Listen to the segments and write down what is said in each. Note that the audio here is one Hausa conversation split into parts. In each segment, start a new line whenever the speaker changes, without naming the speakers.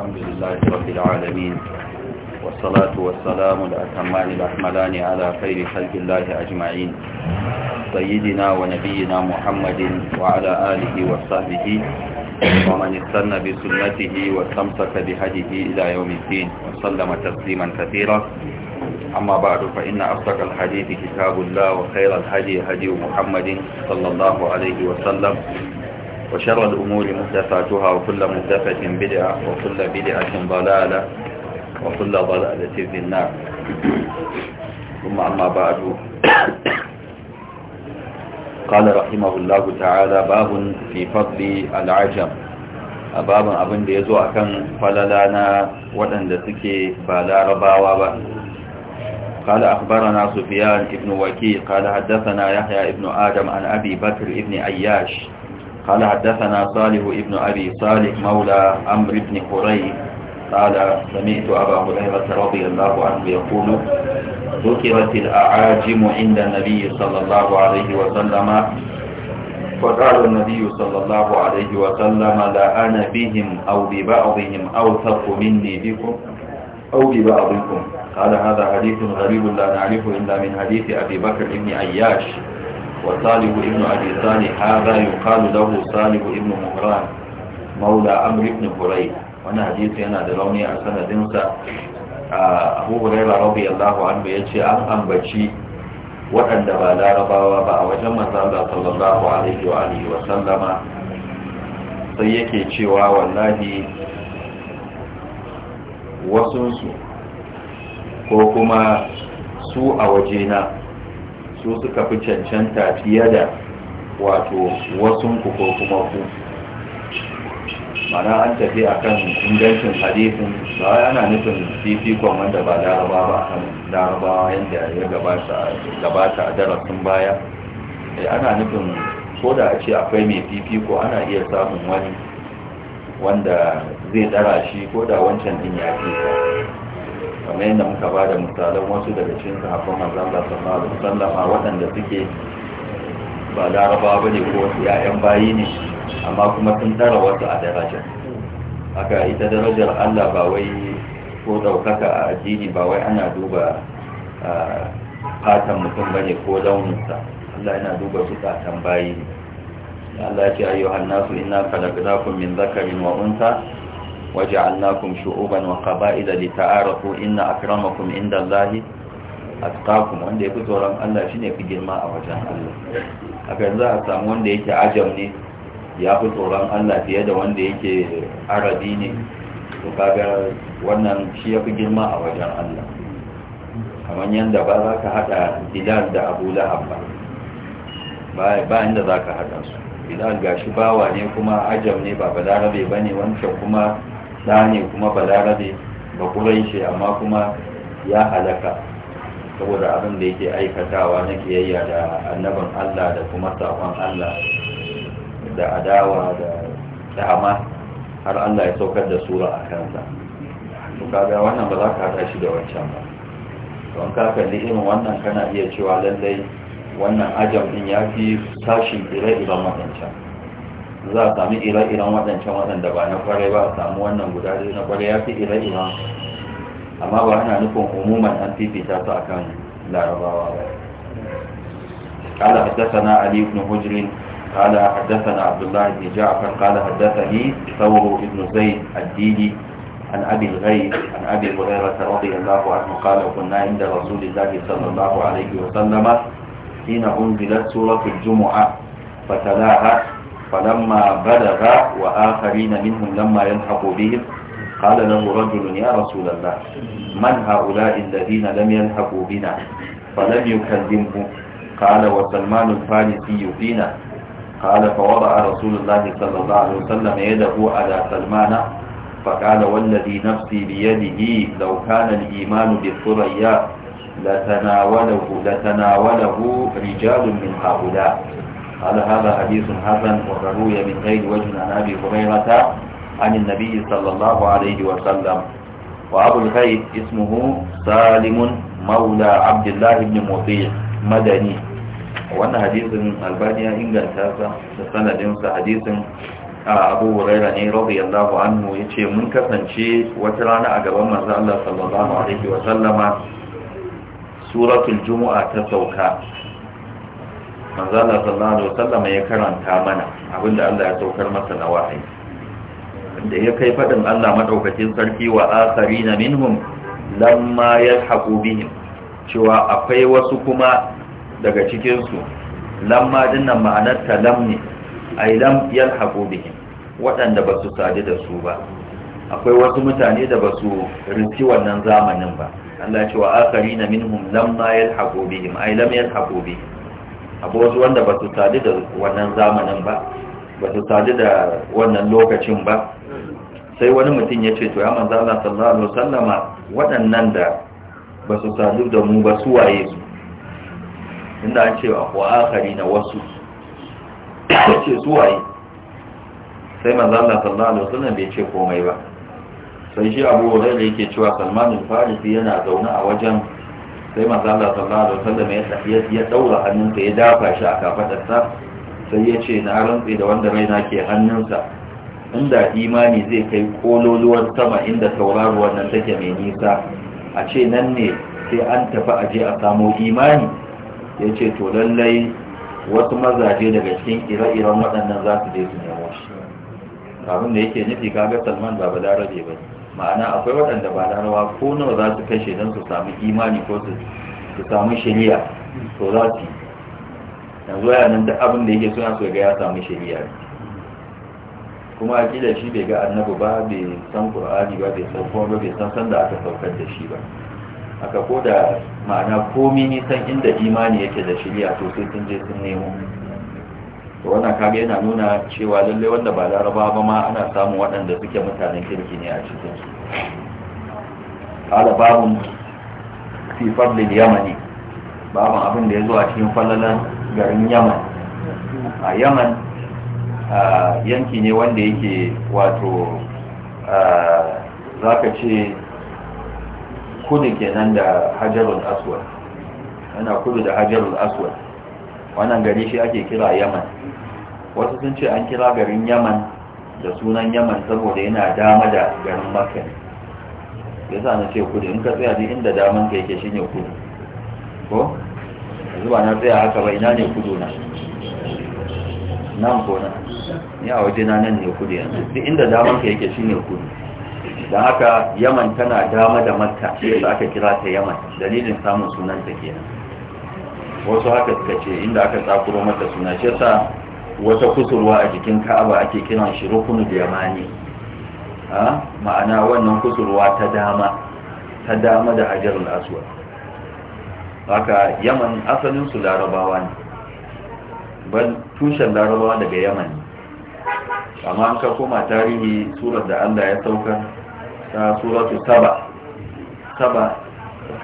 الحمد لله رب العالمين والصلاة والسلام الأتمان الأحملان على خير خلق الله أجمعين سيدنا ونبينا محمد وعلى آله وصحبه ومن استنى بسنته واستمسك بهديه إلى يوم الدين وسلم تسليما كثيرا أما بعد فإن أصدق الحديث كتاب الله وخير الهدي هدي محمد صلى الله عليه وسلم وشر الأمور مهدفاتها وكل مهدفة بدعة وكل بدعة ضلالة وكل ضلالة في النار ثم أما بعد قال رحمه الله تعالى باب في فضل العجم باب أبن ديزو أكن فللانا ودن دسكي فلا رباوا بأس قال أخبرنا سفيان بن وكيع قال حدثنا يحيى بن آدم عن أبي بكر بن عياش قال حدثنا صالح ابن أبي صالح مولى أمر بن قري قال سمعت أبا هريرة رضي الله عنه يقول ذكرت الأعاجم عند النبي صلى الله عليه وسلم فقال النبي صلى الله عليه وسلم لا أنا بهم أو ببعضهم أوثق مني بكم أو ببعضكم قال هذا حديث غريب لا نعرفه إلا من حديث أبي بكر بن عياش وصالح ابن أبي صالح هذا يقال له صالح ابن مهران مولى أمر ابن بريد وانا حديث ينا دلوني أسنة دنسة أبو هريرة رضي الله عنه يجي أن أنبتشي وأن دبا لا ربا وبا وجمع صلى الله عليه وآله وسلم سيكي تشيوا والله wasunsu ko kuma su a wajena su suka fi cancanta fiye da wato wasu ko kuma ku mana an tafi a kan ingancin hadifin ba ana nufin fifikon wanda ba laraba ba a larabawa yadda ya gabata a darasin baya eh, ana nufin ko da a ce akwai mai fifiko ana iya samun wani wanda zai dara shi ko da wancan din ya fi kamar yadda muka ba da misalan wasu daga cikin sahabban manzon Allah sallallahu alaihi wasallam waɗanda suke ba raba ba ne ko wasu 'ya'yan bayi ne amma kuma sun tsara wasu a daraja haka ita darajar Allah ba wai ko ɗaukaka a addini ba wai ana duba fatan mutum ba ne ko launinsa Allah yana duba su zukatan bayi Allah ya ce ayyuhan nasu inna khalaqnakum min dhakarin wa untha وجعلناكم شعوبا وقبائل لتعارفوا إن أكرمكم عند الله أتقاكم wanda ya fito ran Allah shine fi girma a wajen Allah akan za a samu wanda yake ajam ya fi tsoron Allah fiye da wanda yake arabi ne to kaga wannan shi ya fi girma a wajen Allah kamar yadda ba za ka haɗa Bilal da Abu Lahab ba ba inda za ka haɗa su Bilal gashi bawa ne kuma ajam ne ba balarabe ne wancan kuma da ne kuma balarabe ba shi, amma kuma ya halaka saboda abin da yake aikatawa na kiyayya da annabin allah da kuma saƙon allah da adawa da dama har allah ya saukar da sura a kansa to kaga wannan ba za ka haɗa shi da wancan ba don ka kalli irin wannan kana iya cewa lallai wannan ajam din ya fi tashin ire-iren waɗancan za a sami ire-iren waɗancan waɗanda ba na kwarai ba a sami wannan guda da na kwarai ya fi ire-iren amma ba ana nufin umuman an fifita su a kan larabawa ba kala haddasa ali ibn hujrin kala haddasa na abdullah ibn ja'afar kala haddasa ni sauro ibn zain addini an abi gai an abi hurairah radiyallahu anhu qala kunna inda rasulillahi sallallahu alaihi wa sallama hina unzilat suratul jumu'ah fatalaha فلما بلغ وآخرين منهم لما يلحقوا بهم قال له رجل يا رسول الله من هؤلاء الذين لم يلحقوا بنا فلم يكلمه قال وسلمان الفارسي فينا قال فوضع رسول الله صلى الله عليه وسلم يده على سلمان فقال والذي نفسي بيده لو كان الإيمان بالثريا لتناوله, لتناوله رجال من هؤلاء قال هذا حديث حسن وروي من غير وجه عن أبي هريرة عن النبي صلى الله عليه وسلم وأبو الخير اسمه سالم مولى عبد الله بن مطيع مدني وأن حديث ألبانيا إنجلتاسا سند حديث abu huraira ne radiyallahu anhu yace mun kasance wata rana a gaban manzo Allah sallallahu alaihi wa sallama suratul jumu'a ta sauka manzala sallallahu alaihi wasallam ya karanta mana abinda Allah ya saukar masa na wahayi da ya kai fadin Allah madaukakin sarki wa na minhum lamma yalhaqu bihim cewa akwai wasu kuma daga cikin su lamma dinnan ma'anar talam ne ai lam yalhaqu bihim waɗanda ba su sadu da su ba akwai wasu mutane da ba su rinci wannan zamanin ba Allah ce asari na minhum lamma yalhaqu bihim ai lam yalhaqu bihim abu wasu wanda ba su sadu da wannan zamanin ba ba su sadu da wannan lokacin ba sai wani mutum ya ce to ya manzo Allah sallallahu alaihi wasallam waɗannan da ba su sadu da mu ba su waye su inda an ce wa akari na wasu ya ce su waye sai manzo Allah sallallahu alaihi wasallam bai ce komai ba sai shi Abu wanda yake cewa Salman al-Farisi yana zaune a wajen sai manzo Allah sallallahu alaihi wasallam ya tafi ya daura hannunsa ya dafa shi a kafadarsa sai ya ce na rantsi da wanda raina ke hannunsa inda imani zai kai kololuwar sama inda tauraro wannan take mai nisa a ce nan ne sai an tafi a je a samo imani ya ce to lallai wasu mazaje daga cikin ire-iren waɗannan za su je su nemo shi kafin da yake nufi kaga salman ba larabe ba ne ma'ana akwai waɗanda ba larawa ko nawa za su kashe don su sami imani ko su sami shari'a to za su yanzu ya nan da abin da yake suna so ga ya samu shari'a kuma a kila shi bai ga annabu, ba bai san qur'ani ba bai san kuma bai san sanda aka saukar da shi ba aka ko da ma'ana komi nisan inda imani yake da shari'a to sai sun je sun nemo wannan kaga yana nuna cewa lallai wanda ba laraba ba ma ana samun waɗanda suke mutanen kirki ne a cikin su قال باب في فضل اليمن باب ya ليزو cikin فللا garin yaman a yaman yanki ne wanda yake wato za ka ce kudu kenan da hajjarul aswad yana kudu da hajjarul aswad wannan gari shi ake kira yaman wasu sun ce an kira garin yaman da sunan yaman saboda yana dama da garin makka ya sa na ce kudu in ka tsaya duk inda daman ka yake shine kudu ko yanzu na tsaya haka ba ina ne kudu na nan ko na ni a waje na nan ne kudu yanzu duk inda daman ka yake shine kudu don haka yaman tana dama da makka shi da aka kira ta yaman dalilin samun sunan ta kenan wasu haka suka ce inda aka tsakuro mata suna shi yasa wata kusurwa a jikin ka'aba ake kiran shi rukunul yamani ma'ana wannan kusurwa ta dama ta dama da hajjarul aswad haka yaman asalinsu larabawa ne ban tushen larabawa daga yaman
ne
amma an ka koma tarihi surar da allah ya sauka ta suratu saba saba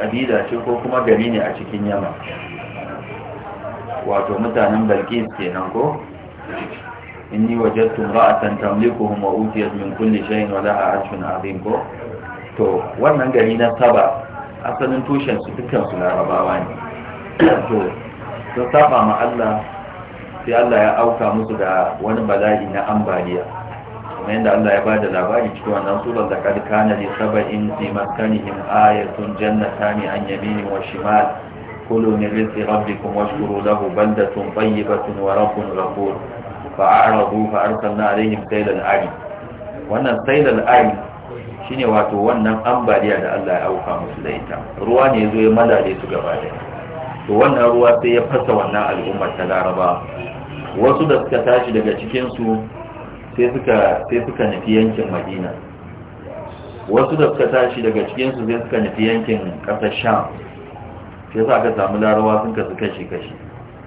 ƙabila ce ko kuma gari ne a cikin yaman wato mutanen balkis kenan ko إني وجدت امرأة تملكهم وأوتيت من كل شيء ولها عرش عظيم كو تو وانا غارينا تبا أصلاً توشن سبتكم سنة رباواني تو تو تبا ما الله في الله يا أوكا مصدى وانا بلاجي نعم باليا من عند الله يبادى لباني تكو أن رسول الله قد كان لسبا إن في مسكنهم آية جنة ثاني عن يمين وشمال كلوا من رزق ربكم واشكروا له بلدة طيبة ورب غفور fa'arabu fa'arsalna alaihim sailal ari wannan sailal ari shine wato wannan ambaliya da Allah ya auka musu da ita ruwa ne yazo ya malale su gaba da to wannan ruwa sai ya fasa wannan al'ummar ta Laraba wasu da suka tashi daga cikin su sai suka sai suka nufi yankin Madina wasu da suka tashi daga cikin su sai suka nufi yankin kasar Sham sai suka samu larawa sun kasu kashi kashi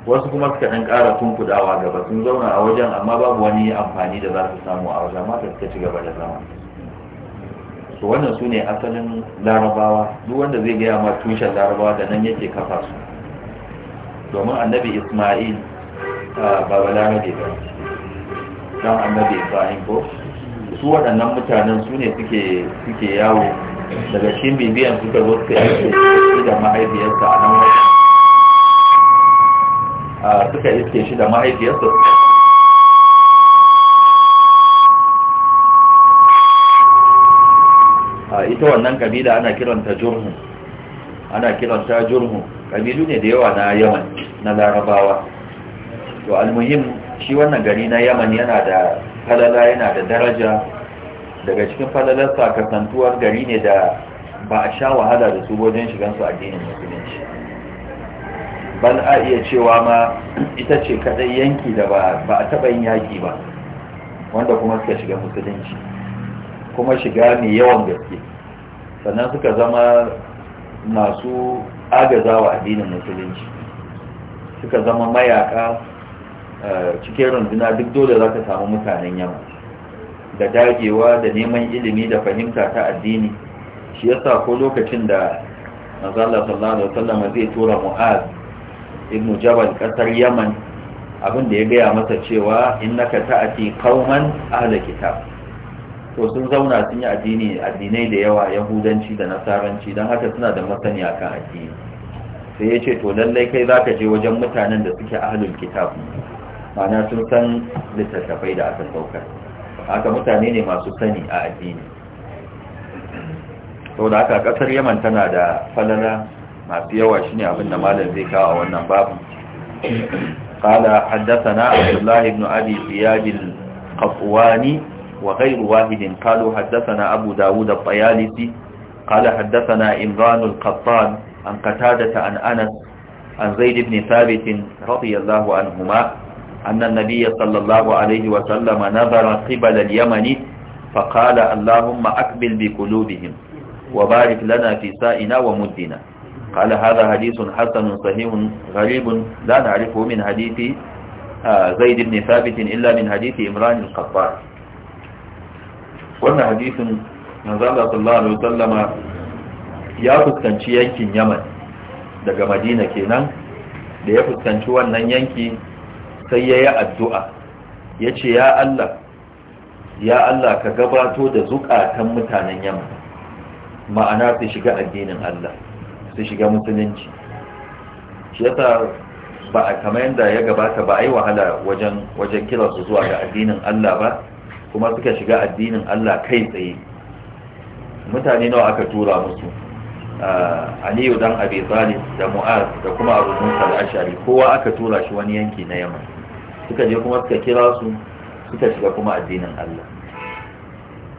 wasu kuma suka ɗan ƙara tunkudawa gaba sun zauna a wajen amma babu wani amfani da za su samu a wajen mata suka ci gaba da zama su wannan su ne asalin larabawa duk wanda zai gaya ma tushen larabawa da nan yake kafa su domin annabi ismail baba larabe ba don annabi isma'il ko su waɗannan mutanen su ne suke yawo daga cikin bibiyan suka zo suka yi da mahaifiyarsa a nan wajen suka iske shi da mahaifiyarsa ita wannan kabila ana kiranta jurhu ana kiranta jurhu kabilu ne da yawa na yaman na larabawa to almuhim shi wannan gari na yaman yana da falala yana da daraja daga cikin falalarsa kasantuwar gari ne da ba a sha wahala da su wajen shigansu addinin musulmi Ban a iya cewa ma ita ce kadai yanki da ba a taɓa yin yaki ba wanda kuma suka shiga musulunci kuma shiga mai yawan gaske sannan suka zama masu agazawa addinin musulunci suka zama mayaka eh, cikin runduna duk dole za ka samu mutanen yamma da dagewa da neman ilimi da fahimta ta addini shi yasa ko lokacin da mazala sallallahu alaihi wasallam zai tura mu'az ibn jabal kasar yaman abin da ya gaya masa cewa innaka ta'ati qauman ahli kitab to sun zauna sun yi addini addinai da yawa yahudanci da nasaranci dan haka suna da masani akan addini sai yace to lallai kai zaka je wajen mutanen da suke ahlul kitab ma'ana sun san littattafai da aka saukar haka mutane ne masu sani a addini to da haka kasar yaman tana da falala mafi yawa shi ne abinda malam zai kawo a wannan babu ƙada haddasana abdullahi ibn abi fiyajin kafuwani wa ghairu wahidin kalo haddasana abu dawud al-bayalisi ƙada haddasana imranul qattan an qatadata an anas an zaid ibn thabitin radiyallahu anhuma annan nabiyya sallallahu alaihi wa sallama nazara qibal al-yaman fa qala allahumma aqbil bi qulubihim وبارك لنا في سائنا ومدنا قال hadisin حديث حسن صحيح غريب لا نعرفه من حديث زيد بن ثابت إلا من حديث إمران القطار wannan hadisin manzala sallallahu alaihi ya fuskanci yankin Yaman daga Madina kenan da ya fuskanci wannan yanki sai yayi addu'a yace ya Allah ya Allah ka gabato da zukatan mutanen Yaman ma'ana su shiga addinin Allah su shiga musulunci shi yasa ba a kamar yadda ya gabata ba a yi wahala wajen wajen kira su zuwa ga addinin Allah ba kuma suka shiga addinin Allah kai tsaye mutane nawa aka tura musu ah, Aliyu dan Abi Talib da Mu'az da kuma Abu Musa al-Ash'ari kowa aka tura shi wani yanki na yamma, suka je kuma suka kira su suka shiga kuma addinin Allah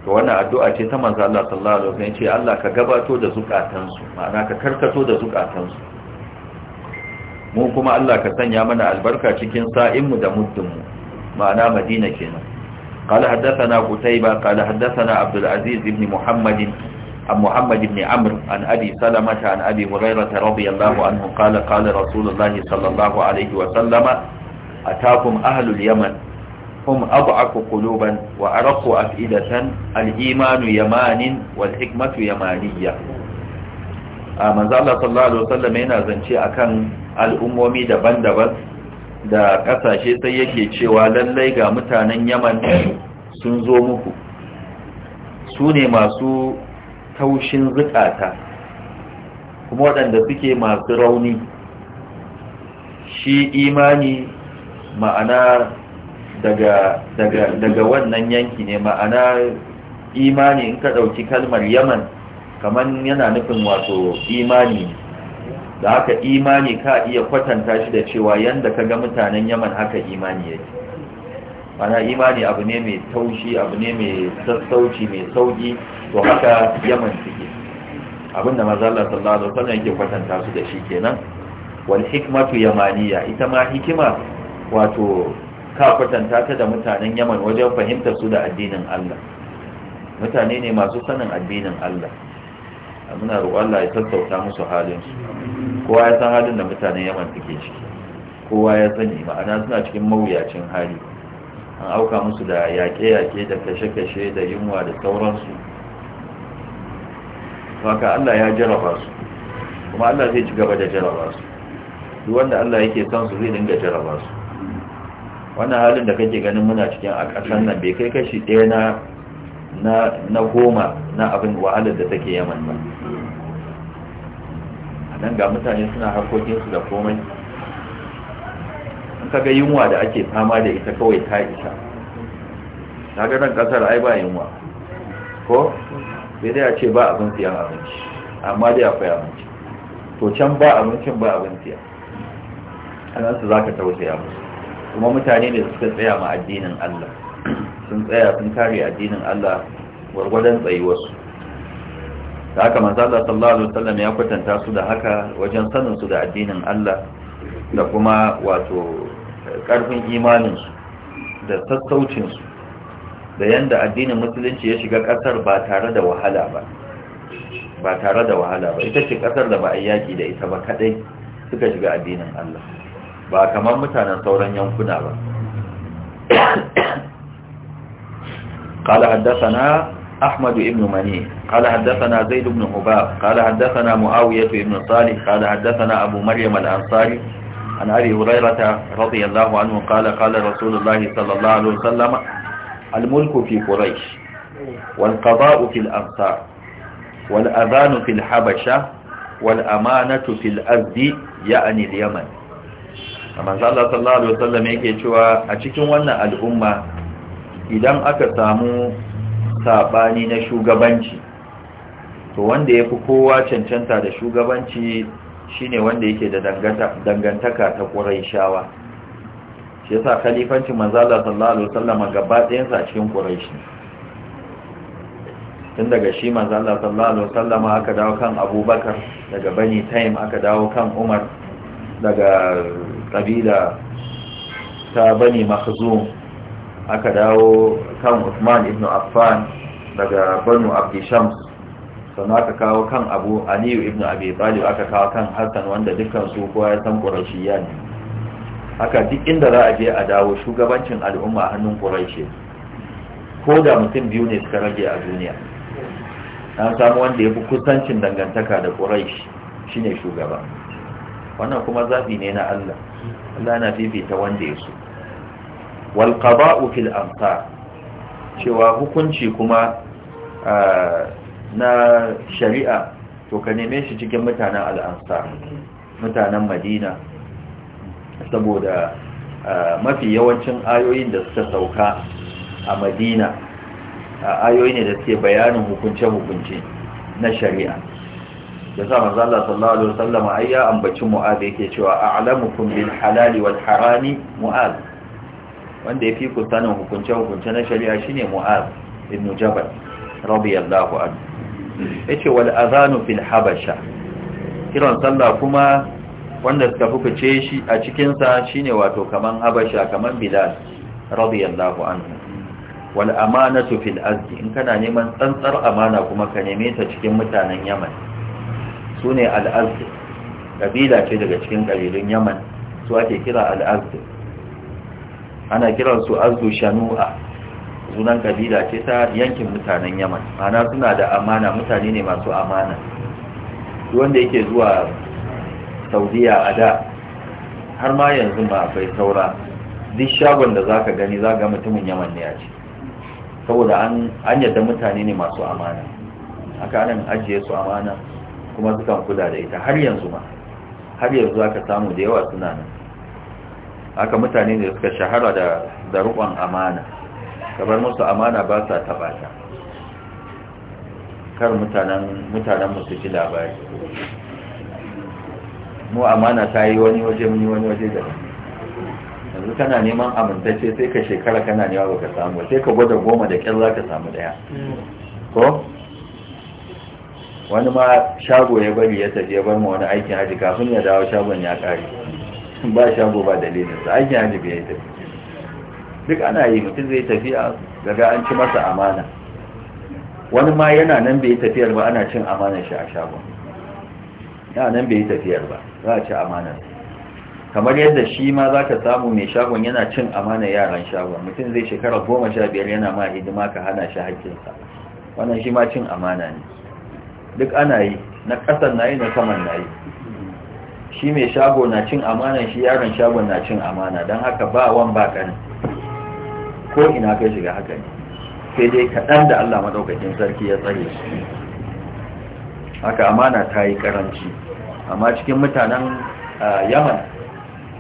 to wannan addu'a ce ta manzo Allah sallallahu alaihi wasallam ce Allah ka gabato da zukatansu ma'ana ka karkato da zukatansu mu kuma Allah ka sanya mana albarka cikin sa'inmu da muddinmu ma'ana Madina kenan قال حدثنا قتيبة قال حدثنا عبد العزيز بن محمد عن محمد بن عمرو عن أبي سلمة عن أبي هريرة رضي الله عنه قال قال رسول الله هم أضعف قلوبا وأرق أفئدة الإيمان ya والحكمة يمانية manzo Allah sallallahu alaihi wasallam yana zance akan al'ummomi daban-daban da ƙasashe sai yake cewa lallai ga mutanen Yaman sun zo muku su ne masu taushin zukata kuma waɗanda suke masu rauni shi imani ma'ana daga wannan yanki ne ma'ana imani in ka ɗauki kalmar yaman kamar yana nufin wato imani da haka imani ka iya kwatanta shi da cewa yadda ka ga mutanen yaman haka imani yake mana imani abu ne mai taushi abu ne mai sassauci mai sauki to haka yaman suke abinda mazallar sallallahu alaihi wasallam yake kwatanta su da shi kenan wal hikmatu yamaniya ita ma hikima wato ka kwatanta ta da mutanen yaman wajen fahimtar su da addinin Allah mutane ne masu sanin addinin Allah muna roƙon Allah ya sassauta musu halin su kowa ya san halin da mutanen yaman suke ciki kowa ya sani ma'ana suna cikin mawuyacin hali an auka musu da yaƙe-yaƙe da kashe-kashe da yunwa da sauransu haka Allah ya jaraba su kuma Allah zai ci gaba da jaraba su duk wanda Allah yake son su zai dinga jaraba su wannan halin da kake ganin muna cikin a ƙasar nan bai kai kashi ɗaya na na goma na abin wahalar da take yaman ba a nan ga mutane suna harkokinsu da komai in kaga yunwa da ake fama da ita kawai ta isa ta nan ƙasar ai ba yunwa ko bai dai a ce ba abin siyan abinci amma dai akwai abinci to can ba abincin ba abin siya a nan su za ka tausaya musu kuma mutane da suka tsaya ma addinin Allah sun tsaya sun kare addinin Allah gwargwadon tsayuwarsu da haka manzala sallallahu alaihi wasallam ya kwatanta su da haka wajen sanin su da addinin Allah da kuma wato karfin imanin su da sassaucin su da yanda addinin musulunci ya shiga kasar ba tare da wahala ba ba tare da wahala ba ita ce kasar da ba a yaki da ita ba kadai suka shiga addinin Allah ba kamar mutanen sauran yankuna ba قال حدثنا أحمد بن مني قال حدثنا زيد بن حباب قال حدثنا معاوية بن صالح قال حدثنا أبو مريم الأنصاري عن أبي هريرة رضي الله عنه قال قال رسول الله صلى الله عليه وسلم الملك في قريش والقضاء في الأنصار والأذان في الحبشة والأمانة في الأذي يعني اليمن manzo Allah sallallahu alaihi wasallam yake cewa a cikin wannan al'umma idan aka samu sabani na shugabanci to wanda yafi kowa cancanta da shugabanci shine wanda yake da dangantaka ta Qurayshawa shi yasa khalifancin manzo Allah sallallahu alaihi wasallam gaba ɗayan sa cikin Quraysh tun daga shi manzo Allah sallallahu alaihi wasallam aka dawo kan Abubakar daga Bani Taym aka dawo kan Umar daga kabila ta bani makhzum aka dawo kan Uthman ibn Affan daga Banu Abdi Shams sannan aka kawo kan Abu Aliyu ibn Abi Talib aka kawo kan Hassan wanda dukkan su kowa ya san ya ne haka duk inda za a je a dawo shugabancin al'umma hannun Quraishi ko da mutum biyu ne suka rage a duniya an samu wanda ya fi kusancin dangantaka da Quraish shine shugaba wannan kuma zafi ne na Allah Allah na fifita wanda ya so wal qada'u fil cewa hukunci kuma na shari'a to ka neme shi cikin mutanen al'amsa, mutanen madina saboda mafi yawancin ayoyin da suka sauka a madina ayoyi ne da suke bayanin hukunce-hukunce na shari'a da sa manzo Allah sallallahu alaihi wasallam ai ambacin ambaci mu'az yake cewa a'lamukum bil halali wal harami mu'az wanda yafi ku sanin hukunce hukunce na shari'a shine mu'az ibn jabal radiyallahu anhu yace wal adhanu fil habasha kiran sallah kuma wanda suka fukuce shi a cikin sa shine wato kaman habasha kaman bilal radiyallahu anhu wal amanatu fil azdi in kana neman tsantsar amana kuma ka neme ta cikin mutanen yaman su ne ƙabila ce daga cikin ƙabilun yaman su ake kira al'azdi ana kiran su azdu shanu'a sunan ƙabila ce ta yankin mutanen yaman ana suna da amana mutane ne masu amana wanda yake zuwa saudiya a da har ma yanzu ba akwai saura duk shagon da za ka gani za ga mutumin yaman ne ya ce saboda an yadda mutane ne masu amana haka nan ajiye su amana kuma sukan kula da ita har yanzu ma har yanzu aka samu da yawa suna nan haka mutane ne suka shahara da da rukun amana kamar musu amana ba sa taba ta kar mutanen mutanen mu su ji labari mu amana ta yi wani waje mun yi wani waje da yanzu kana neman amintacce sai ka shekara kana ba baka samu sai ka gwada goma da kyan za ka samu daya mm. ko wani ma shago ya bari ya tafi ya bar ma wani aikin haji kafin ya dawo shagon ya kare ba shago ba dalilinsa aikin haji bai yi tafi duk ana yi mutum zai tafiya daga an ci masa amana wani ma yana nan bai tafiyar ba ana cin amanar shi a shagon yana nan bai tafiyar ba za a ci amanar kamar yadda shi ma za ka samu mai shagon yana cin amanar yaran shagon mutum zai shekara goma sha biyar yana ma hidima ka hana shi haƙƙinsa wannan shi ma cin amana ne duk ana yi na ƙasan na yi na saman na yi shi mai shago na cin amana shi yaron shagon na cin amana don haka ba wan ba ƙanin ko ina kai shiga haka ne sai dai kaɗan da allah maɗaukakin sarki ya tsare su haka amana ta yi ƙaranci amma cikin mutanen yaman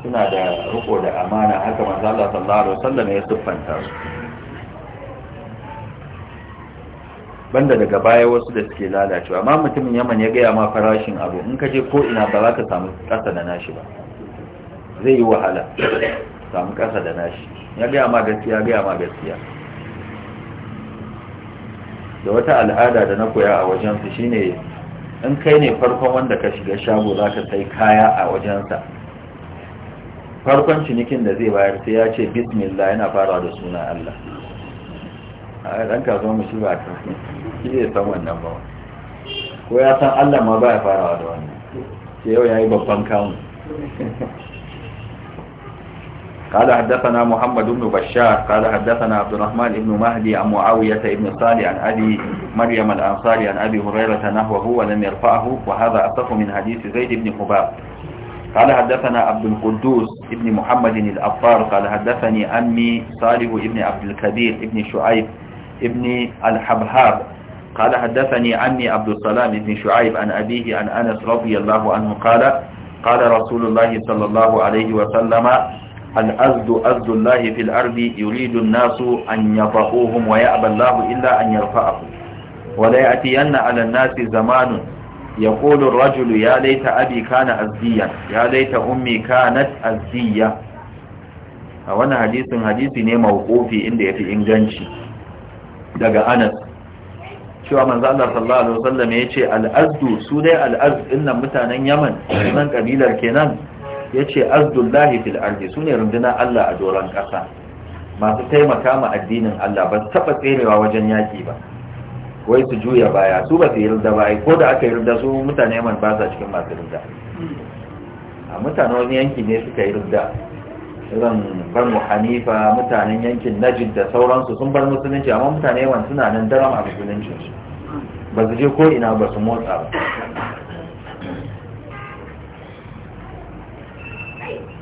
suna da riko da amana haka manzo Allah sallallahu alaihi wasallam ya siffanta su banda daga baya wasu da suke lalacewa amma mutumin yaman ya gaya ma farashin abu in ka je ko'ina ba za ka samu ƙasa da nashi ba zai yi wahala samu ƙasa da nashi ya gaya ma gaskiya gaya ma gaskiya da wata al'ada da na koya a wajensu shine in kai ne farkon wanda ka shiga shago za ka sai kaya a wajensa farkon cinikin da zai bayar sai ya ce bismillah yana fara da suna Allah a ɗan kasuwa mu shi ba shi zai san wannan ba ko ya san Allah ma ya farawa da wannan sai yau yayi babban kamun قال حدثنا محمد بن بشار قال حدثنا عبد الرحمن بن مهدي عن معاوية بن صالح عن أبي مريم الأنصاري عن أبي هريرة نحوه ولم يرفعه وهذا أصف من حديث زيد بن حباب قال حدثنا عبد القدوس بن محمد الأبطار قال حدثني أمي صالح بن عبد الكبير بن شعيب بن الحبهاب قال حدثني عني عبد السلام بن شعيب عن أبيه عن أنس رضي الله عنه قال قال رسول الله صلى الله عليه وسلم الأزد أزد الله في الأرض يريد الناس أن يطعوهم ويأبى الله إلا أن يرفعهم ولا يأتين على الناس زمان يقول الرجل يا ليت أبي كان أزديا يا ليت أمي كانت أزدية وانا حديث حديث نيمة وقوفي إن في إنجانشي daga Anas cewa manzo Allah sallallahu alaihi wasallam yace al-azdu su dai al-azd mutanen Yaman nan kabilar kenan yace azdullahi fil ardi sune runduna Allah a doran kasa masu taimaka ma addinin Allah ba taba tserewa wajen yaki ba wai su juya baya su ba su yarda ba ko da aka yarda su mutane Yaman ba sa cikin masu rinda a mutanen wani yanki ne suka yarda irin banu hanifa mutanen yankin najid da sauransu sun bar musulunci amma mutane yawan suna nan daram a musulunci ba su je ko ina ba su motsa ba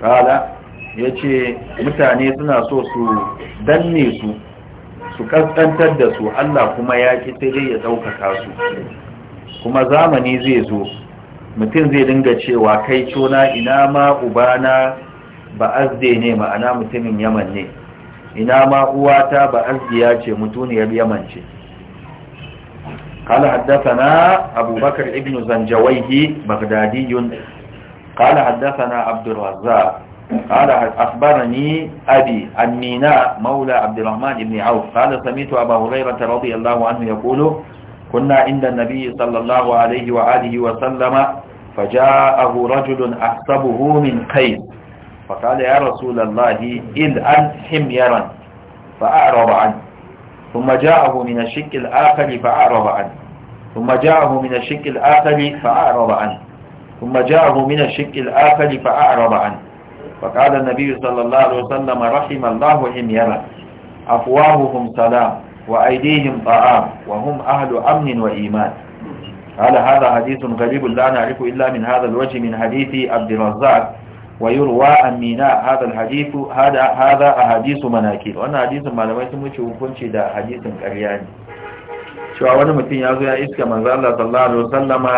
kala ya ce mutane suna so su danne su su kaskantar da su allah kuma ya ki sai dai ya ɗaukaka su kuma zamani zai zo mutum zai dinga cewa kai cona ina ma ubana ba ne ma'ana mutumin yaman ne ina ma uwata ba ce mutuniyar yaman ce kala haddasa abubakar ibn zanjawaihi bagdadiyun kala haddasa na abdurraza kala asbara ni abi annina maula abdurrahman ibn auf kala samitu abu huraira ta rabu yallahu ya kulo kuna inda nabi sallallahu alaihi wa alihi wa sallama fa ja'ahu rajulun ahsabuhu min qais فقال يا رسول الله إذ أنت حميرا فأعرض عنه ثم جاءه من الشك الآخر فأعرض عنه ثم جاءه من الشك الآخر فأعرض عنه ثم جاءه من الشك الآخر فأعرض عنه فقال النبي صلى الله عليه وسلم رحم الله حميرا أفواههم سلام وأيديهم طعام وهم أهل أمن وإيمان قال هذا حديث غريب لا نعرف إلا من هذا الوجه من حديث عبد الرزاق ويروى عن ميناء هذا الحديث هذا هذا احاديث مناكير wannan hadisin malamai sun wuce hukunci da hadisin ƙarya ne cewa wani mutum ya zo ya iska manzo Allah sallallahu alaihi wasallama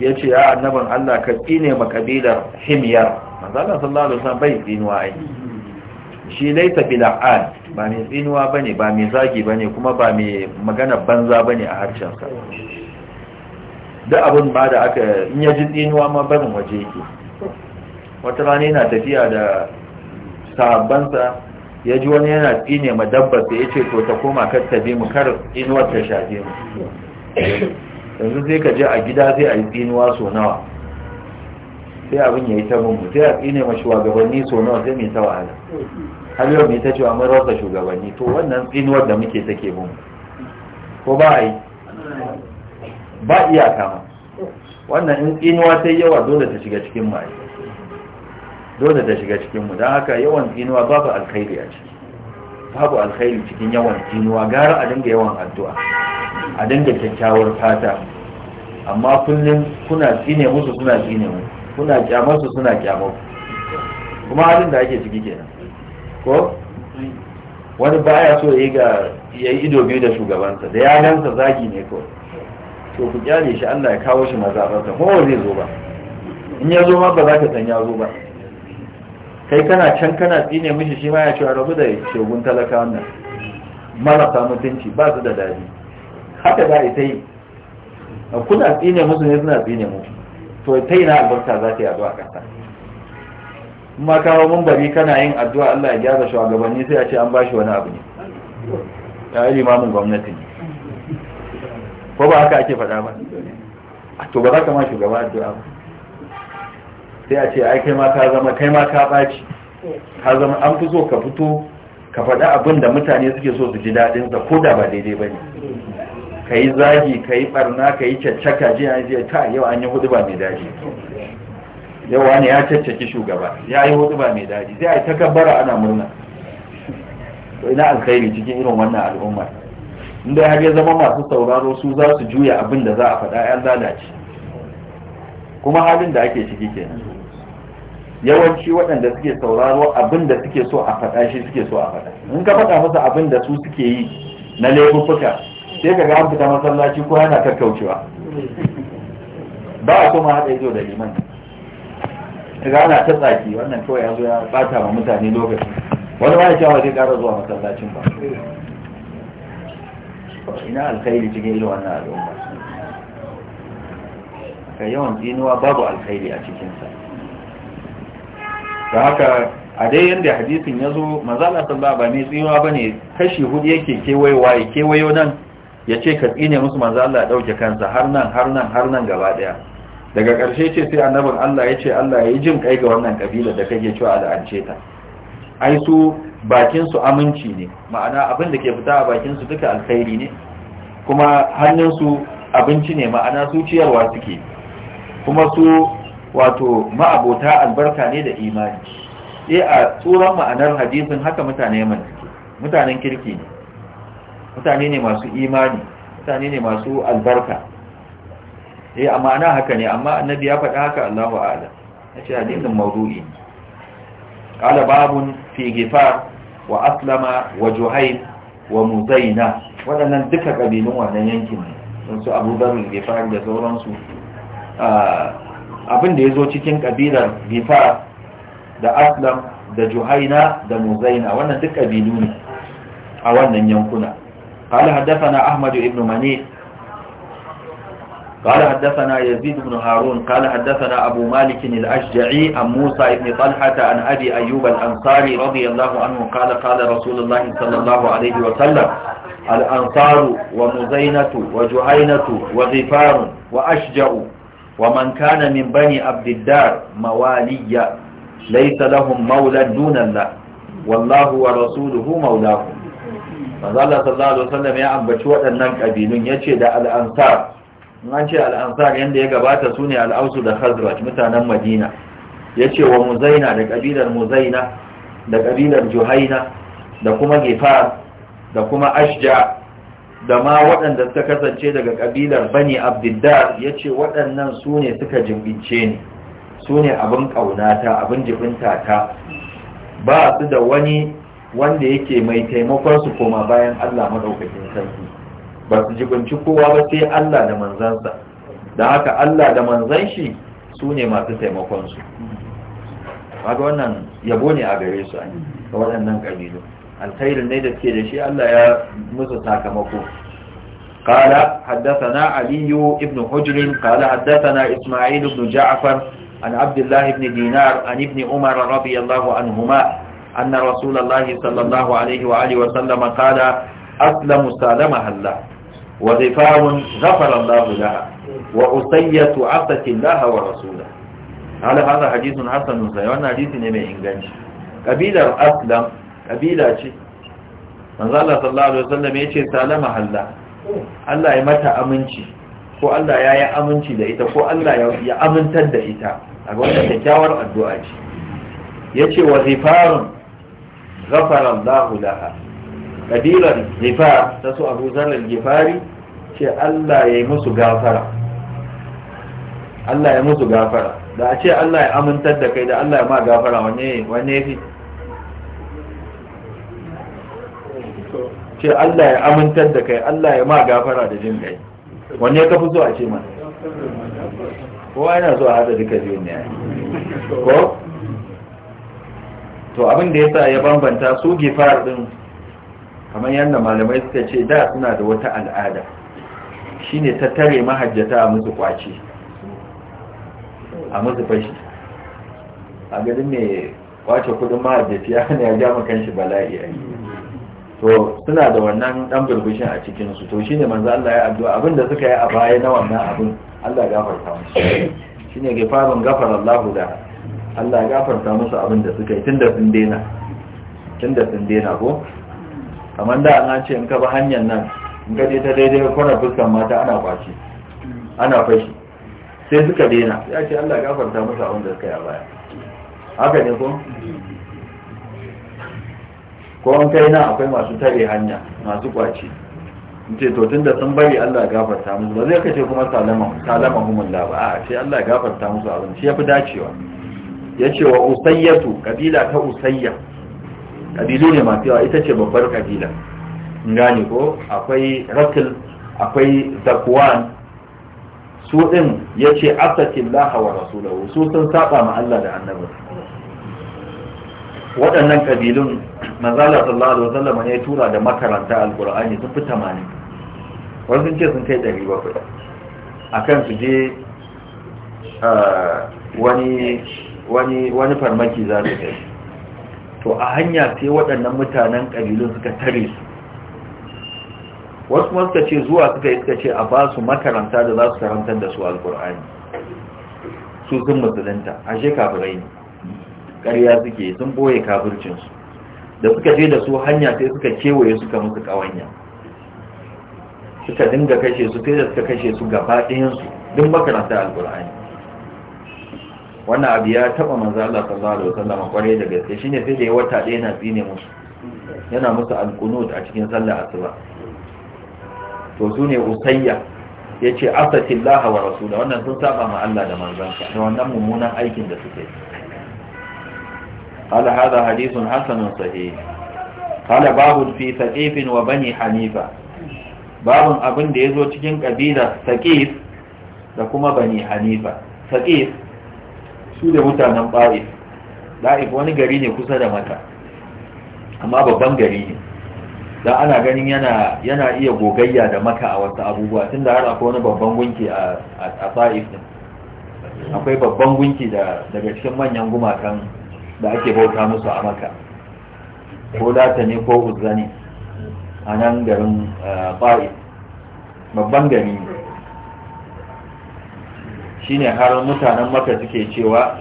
yace ya annabin Allah ka tsine ma kabilar Himyar manzo Allah sallallahu alaihi wasallam bai tsinuwa ai shi laita bil'an ba mai tsinuwa bane ba mai zagi bane kuma ba mai magana banza bane a harshen sa duk abin ba da aka in ya ji tsinuwa ma barin waje yake wata rana yana tafiya da sahabbansa ya ji wani yana tsine ma dabba sai ya ce to ta koma kar ta bi mu kar inuwar ta shafe mu yanzu sai ka je a gida sai a yi tsinuwa so nawa sai abin ya yi ta mu sai a tsine ma shugabanni so nawa sai mai ta wahala har yau mai ta ce mun rasa shugabanni to wannan tsinuwar da muke take mun ko ba a yi ba iyaka ma wannan in tsinuwa sai yawa dole ta shiga cikin mai dole ta shiga cikinmu don haka yawan jinuwa babu alkhairi a ciki babu alkhairi cikin yawan jinuwa gara a dinga yawan addu'a a dinga kyakkyawar fata amma kullum kuna tsine musu suna tsine mu kuna kyamar su suna kyamar kuma halin da ake ciki kenan ko wani baya so ya ga ya yi ido biyu da shugabansa da yanansa zagi ne ko to ku kyale shi Allah ya kawo shi mazabarsa ko zai zo ba in ya zo ma ba za ka san ya zo ba kai kana can kana tsine mishi shi ma ya cewa rabu da shogun talaka wannan marasa mutunci ba su da daɗi haka za a ita yi kuna tsine musu ne suna tsine mu to ta yi na albarka za ta yi addu'a ƙasa kuma kawo mun bari kana yin addu'a Allah ya gyara shugabanni sai a ce an bashi wani abu ne ya yi limamin gwamnati ne ko ba haka ake faɗa ba to ba za ka ma shugaba addu'a ba sai a ce ai kai ma ka zama kai ma ka baci ka zama an fi so ka fito ka faɗi abin da mutane suke so su ji daɗin sa ko da ba daidai ba ne ka yi zagi ka yi ɓarna ka yi caccaka ji an je ta yau an yi hudu ba mai daji yau wani ya caccaki shugaba ya yi hudu ba mai daji sai a yi takabbara ana murna to ina alkhairi cikin irin wannan al'ummar dai har ya zama masu sauraro su za su juya abin da za a faɗa 'yan lalace kuma halin da ake ciki kenan yawanci waɗanda suke sauraro abin da suke so a faɗa shi suke so a faɗa in ka faɗa masa abin da su suke yi na laifuffuka sai ka ga an fita masallaci ko yana kakkaucewa ba a kuma haɗa ido da liman ga ana ta tsaki wannan kawai ya zo ya ɓata ma mutane lokaci wani ma ya cewa zai ƙara zuwa masallacin ba ina alkhairi cikin irin wannan al'umma ka yawan tsinuwa babu alkhairi a cikinsa da haka a dai yadda hadisin ya zo mazala sun ba ba mai tsiwa ba ne kashi hudu yake kewayewa ya kewayo nan ya ce ka tsine musu mazala a ɗauke kansa har nan har nan har nan gaba ɗaya daga ƙarshe ce sai annabin allah ya ce allah ya yi jin kai ga wannan kabila da kake cewa al'ance ta ai su bakin su aminci ne ma'ana abin da ke fita a bakin su duka alkhairi ne kuma hannun su abinci ne ma'ana su ciyarwa suke kuma su wato ma'abota albarka ne da imani sai a tsoron ma'anar hadisin haka mutane yaman suke mutanen kirki ne mutane ne masu imani mutane ne masu albarka sai eh, a ma'ana haka ne amma annabi ya faɗi haka Allahu a ce hadisin mawdu'i ne qala babun fi gifar wa aslama wa juhayl wa muzaina waɗannan duka kabilun wannan yankin ne sun su abubakar gifar da sauransu ah, Abin da ya zo cikin ƙabilar bifa da aslam da juhaina da muzaina wannan duk ƙabilu ne a wannan yankuna ƙali haddasa ahmadu ibn mani
ƙali haddasa na yazid
ibn harun ƙali haddasa na abu malikin al’ashja’i a musa ibn talhata an abi ayyub al’ansari radiyallahu anhu ƙali ƙali rasulullahi sallallahu alaihi wasallam al’ansaru wa muzainatu wa juhainatu wa zifarun wa ashja’u ومن كان من بني عبد الدار مواليا ليس لهم مولى دون الله والله ورسوله مولاهم manzala sallallahu alaihi wasallam ya ambaci waɗannan kabilun yace da al-ansar an ce al-ansar yanda ya gabata sune al-ausu da khazraj mutanen madina yace wa muzaina da kabilar muzaina da kabilar juhaina da kuma gifar da kuma ashja da ma waɗanda suka kasance daga ƙabilar bani abdiddar ya ce waɗannan su ne suka jimbince ni su ne abin ƙaunata abin jibinta ta ba su da wani wanda yake mai taimakon su koma bayan Allah maɗaukakin sarki ba su jibinci kowa ba sai Allah da manzansa da haka Allah da manzan shi su ne masu taimakon su haka wannan yabo ne a gare su a waɗannan ƙabilu alkhairin ne da ke da shi Allah ya musu sakamako kala haddathana aliyu ibn hujr kala haddathana isma'il ibn ja'far an abdullah ibn dinar an ibn umar radiyallahu anhuma anna rasulullahi sallallahu alayhi wa alihi wa sallam kala aslamu salama halla wa zifarun wa usayyatu atati wa rasula hala hadha hadithun hasanun sayyana hadithi ne mai inganci kabilar aslam Ƙabila ce manzo Allah sallallahu alaihi wasallam yace salama Allah Allah ya mata aminci ko Allah ya yi aminci da ita ko Allah ya amintar da ita a wannan kyakkyawar addu'a ce yace wa zifarun ghafara Allah laha kabilar zifar ta su Abu Zar al ce Allah ya yi musu gafara Allah ya musu gafara da a ce Allah ya amintar da kai da Allah ya ma gafara wanne wanne yafi ce Allah ya amintar da kai Allah ya ma gafara da jin kai wanne ya kafi so a ce mana kowa yana so a hada duka biyun ne ko to abin da yasa ya bambanta su gifar din kamar yadda malamai suka ce da suna da wata al'ada shine ta tare mahajjata a musu kwace a musu fashi a gadin mai kwace kudin mahajjata ya hana ya ja makan shi bala'i a yi to suna da wannan dan burbushin a cikin su to shine manzo Allah ya addu'a abinda suka yi a baya na wannan abin Allah ya gafarta musu shine gafarun gafar Allah da Allah ya gafarta musu abinda suka yi tunda sun daina tunda sun daina ko kamar da an ce in ka bi hanyar nan in ka je ta daidai kwana fuskan mata ana kwaci ana fashi sai suka daina ya ce Allah ya gafarta musu abinda suka yi a baya haka ne ko ko an kai nan akwai masu tare hanya masu kwace ce to tunda sun bari Allah gafarta musu ba zai kace kuma salama salama humun la ba a ce Allah gafarta musu abin shi yafi dacewa yace wa usayyatu kabila ta usayya kabilu ne masu yawa ita ce babbar kabila ngani ko akwai rakil akwai zakwan su din yace laha wa rasulahu su sun saba ma Allah da annabi waɗannan kabilun manzala sallallahu alaihi wasallam ne tura da makaranta alkur'ani sun fi 80 wasu sun ce sun kai 700 akan su je wani wani wani farmaki za su kai to a hanya sai waɗannan mutanen kabilun suka tare su wasu kuma suka ce zuwa suka yi suka ce a ba su makaranta da za su karantar da su alkur'ani su sun musulunta ashe kafirai ne ƙarya suke sun boye kafircinsu da suka je da su hanya sai suka kewaye suka musu ƙawanya suka dinga kashe su sai da suka kashe su gaba ɗayansu duk makaranta alƙur'ani wannan abu ya taɓa manzo Allah sallallahu alaihi wasallam kware da gaske shine sai da ya wata ɗaya na tsine musu yana musu alqunut a cikin sallar asuba to sune usayya yace asatillaha wa rasula wannan sun saba ma Allah da manzansa da wannan mummunan aikin da suke yi قال هذا حديث حسن صحيح قال باب في ثقيف وبني حنيفة باب أبن ديزو تكين قبيلة ثقيف لكما بني حنيفة ثقيف سودة متانا طائف ɗa'if wani gari ne kusa da maka amma babban gari ne don ana ganin yana yana iya gogayya da maka a wasu abubuwa tun da har akwai wani babban gunki a sa'if din akwai babban gunki daga cikin manyan gumakan da ake bauta musu a maka ko data ne ko uzza ne a nan garin eh, ba'i babban gari ne shine har mutanen maka suke cewa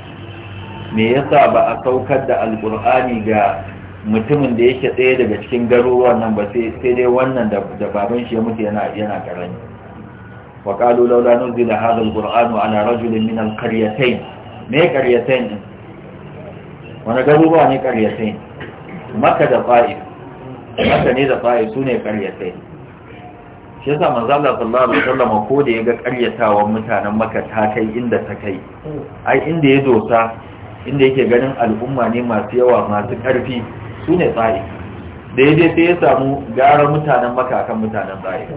me yasa ba a saukar da alkur'ani ga mutumin da yake tsaye daga cikin garuruwan nan ba sai dai wannan da baban shi ya mutu yana karani wa qalu laula nuzila hadha alqur'anu ala rajulin min alqaryatayn me qaryatain wani garuruwa ne ƙaryatai maka da fa'i maka ne da fa'i su ne ƙaryatai shi yasa manzala sallallahu alaihi wasallam ko da yaga ƙaryatawan mutanen maka ta kai inda ta kai ai inda ya dosa inda yake ganin al'umma ne masu yawa masu ƙarfi su ne fa'i da ya sai ya samu gara mutanen maka akan mutanen fa'i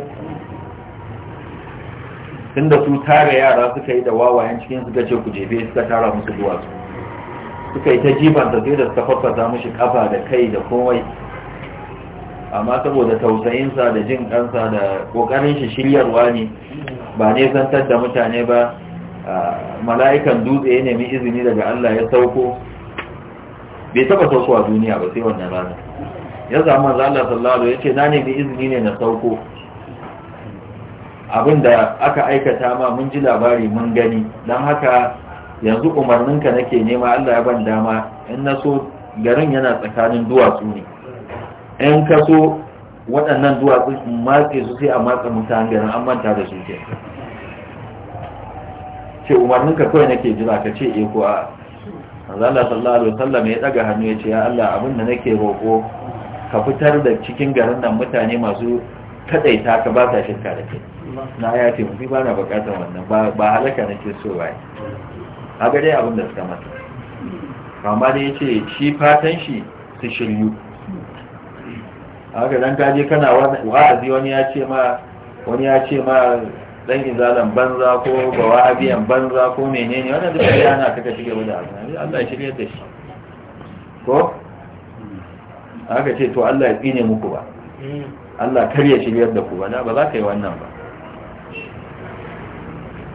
da su tare yara suka yi da wawayen cikin suka ce ku jefe suka tara musu duwatsu suka yi ta jifanta sai da suka faffasa mushi kafa da kai da komai amma saboda tausayinsa da jin kansa da kokarin shi shiryarwa ne ba ne zantar da mutane ba mala'ikan dutse ya nemi izini daga Allah ya sauko bai taba sauko a duniya ba sai wannan rana ya zama Allah sallallahu alaihi yace na nemi izini ne na sauko abinda aka aikata ma mun ji labari mun gani dan haka yanzu umarninka nake nema Allah ya ban dama in na so garin yana tsakanin duwatsu ne in ka so waɗannan duwatsu matse su sai a matsa mutane garin an manta da su ke ce umarninka kawai nake jira ka ce e ko a Allah sallallahu alaihi wasallam ya daga hannu ya ce ya Allah abin da nake roƙo ka fitar da cikin garin nan mutane masu kadaita ka ba ta shirka da kai na ya ce mu ba na bukatar wannan ba halaka nake so ba a gare abin da suka mata da ya ce shi fatan shi su shiryu a haka dan kaje kana wa'azi wani ya ce ma wani ya ce ma dan izalan banza ko ba wa'abiyan banza ko menene wannan duk da na kaka shige wanda Allah ya shirye da shi ko haka ce to Allah ya tsine muku ba mm. Allah kar ya shiryar da ku ba ba za ka yi wannan ba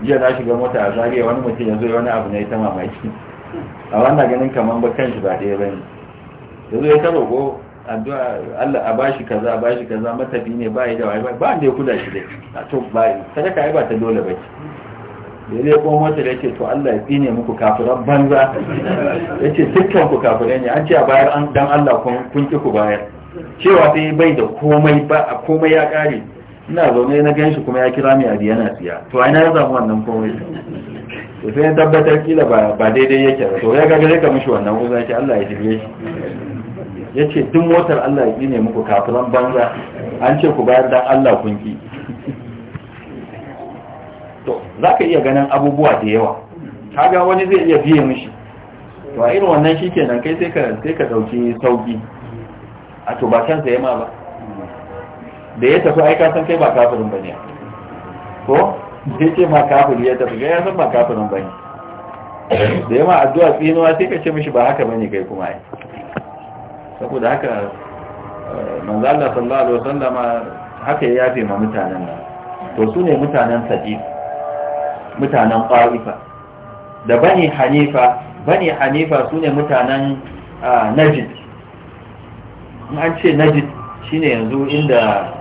jiya za shiga mota a zariya wani mutum ya zo wani abu na ita mamaki a wannan ganin kamar ba kan shi ba ɗaya ba ne ya zo ya ta roƙo Allah a bashi kaza a bashi kaza matafi ne ba da wai ba da ya kula shi dai a to ba yi. sadaka ai ba ta dole ba ki ya zai kuma mota da ce to Allah ya tsine muku kafiran banza ya ce dukkan ku kafirai ne an ce a bayar dan Allah kun ki ku bayar cewa sai bai da komai ba a komai ya kare ina zaune na gan shi kuma ya kira mai abu na siya to ai na ya samu wannan komai to sai ya tabbatar kila ba daidai yake ba to ya ga gare ka mishi wannan uza ce Allah ya jirge shi ya ce duk motar Allah ya ne muku kafiran banza an ce ku bayar da Allah kun ki to za ka iya ganin abubuwa da yawa ga wani zai iya biye mishi to a irin wannan shi kenan kai sai ka ɗauki sauki a to ba can sai ma ba da ya tafi ai ka san kai ba kafirin ne ko sai ce ma kafiri ya tafi ya san ba kafirin ne da yamma addu'a tsinuwa sai ka ce mishi ba haka bane kai kuma ai saboda haka eh, manzala sallallahu sallama haka ya yafe ma mutanen nan to su ne mutanen sadi mutanen qarifa da bani hanifa bani hanifa su ne mutanen ah, najid an ce najid shine yanzu inda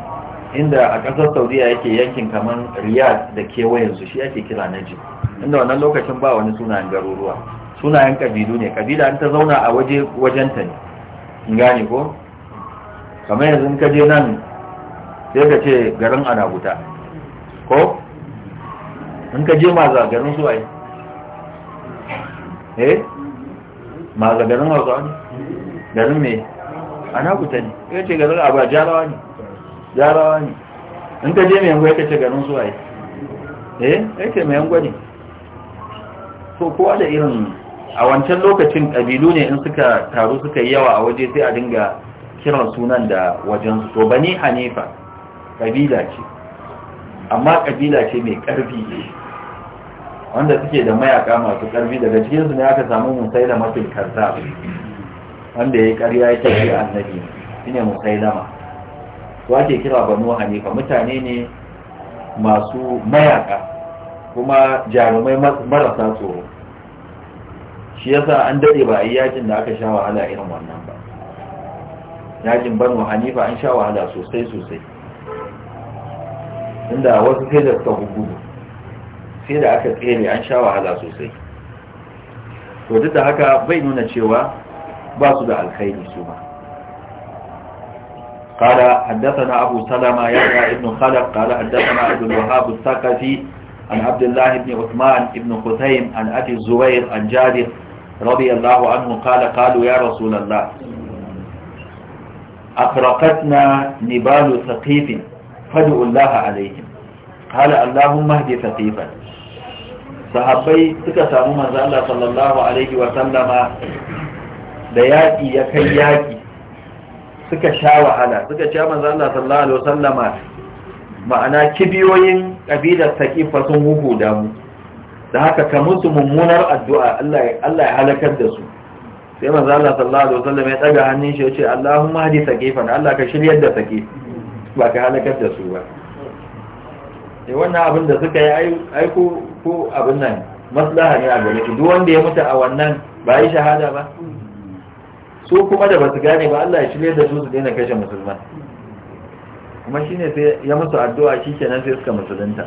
inda a ƙasar saudiya yake yankin kamar riyadh da kewayensu shi ake kira najib inda wannan lokacin ba wani sunayen garuruwa sunayen ƙabilu ne ƙabila ta zauna a waje wajenta ne in gane ko kamar yanzu ka je nan sai ka ce garin anaguta ko in ka je maza garin su ai eh maza garin hausa ne garin me anaguta ne ya ce garin abajalawa ne jarawa ne in ka je mai yankwai ya ce garin su waye eh ya ke mai yankwai ne so kowa da irin a wancan lokacin ƙabilu ne in suka taru suka yi yawa a waje sai a dinga kiran sunan da wajen su to bani hanifa ƙabila ce amma ƙabila ce mai ƙarfi wanda suke da mayaka masu ƙarfi daga cikinsu ne aka samu musailama fil kazzab wanda ya yi ƙarya yake shi annabi shine musailama su ake kira banu hanifa mutane ne masu mayaka kuma jarumai marasa tsoro shi yasa an dade ba a yi yakin da aka sha wahala irin wannan ba yakin banu hanifa an sha wahala sosai sosai inda wasu sai da suka gugu sai da aka tsere an sha wahala sosai to duk da haka bai nuna cewa ba su da alkhairi su ba قال حدثنا أبو سلمة يحيى بن خلف قال حدثنا أبو الوهاب الثقفي عن عبد الله بن عثمان بن خثيم عن أبي الزبير عن جابر رضي الله عنه قال قالوا يا رسول الله أخرقتنا نبال ثقيف فادعوا الله عليهم قال اللهم اهد ثقيفا sahabbai suka samu manzo Allah sallallahu alaihi wa sallama da yaki ya kai yaki suka sha wahala suka ce manzo Allah sallallahu alaihi wasallama ma'ana kibiyoyin kabilar saqifa sun huhuda mu da haka ka musu mummunar addu'a Allah Allah ya halakar da su sai manzo Allah sallallahu alaihi wasallam ya daga hannun shi ya ce Allahumma hadi saqifan Allah ka shiryar da saqif ba ka halakar da su ba eh wannan abin da suka yi aiko ko abin nan maslaha ne a gare shi duk wanda ya mutu a wannan ba ya shahada ba su kuma da basu gane ba Allah ya shirye da su su daina kashe musulman kuma shi ne ya musu addu’a shi ke nan sai suka musulunta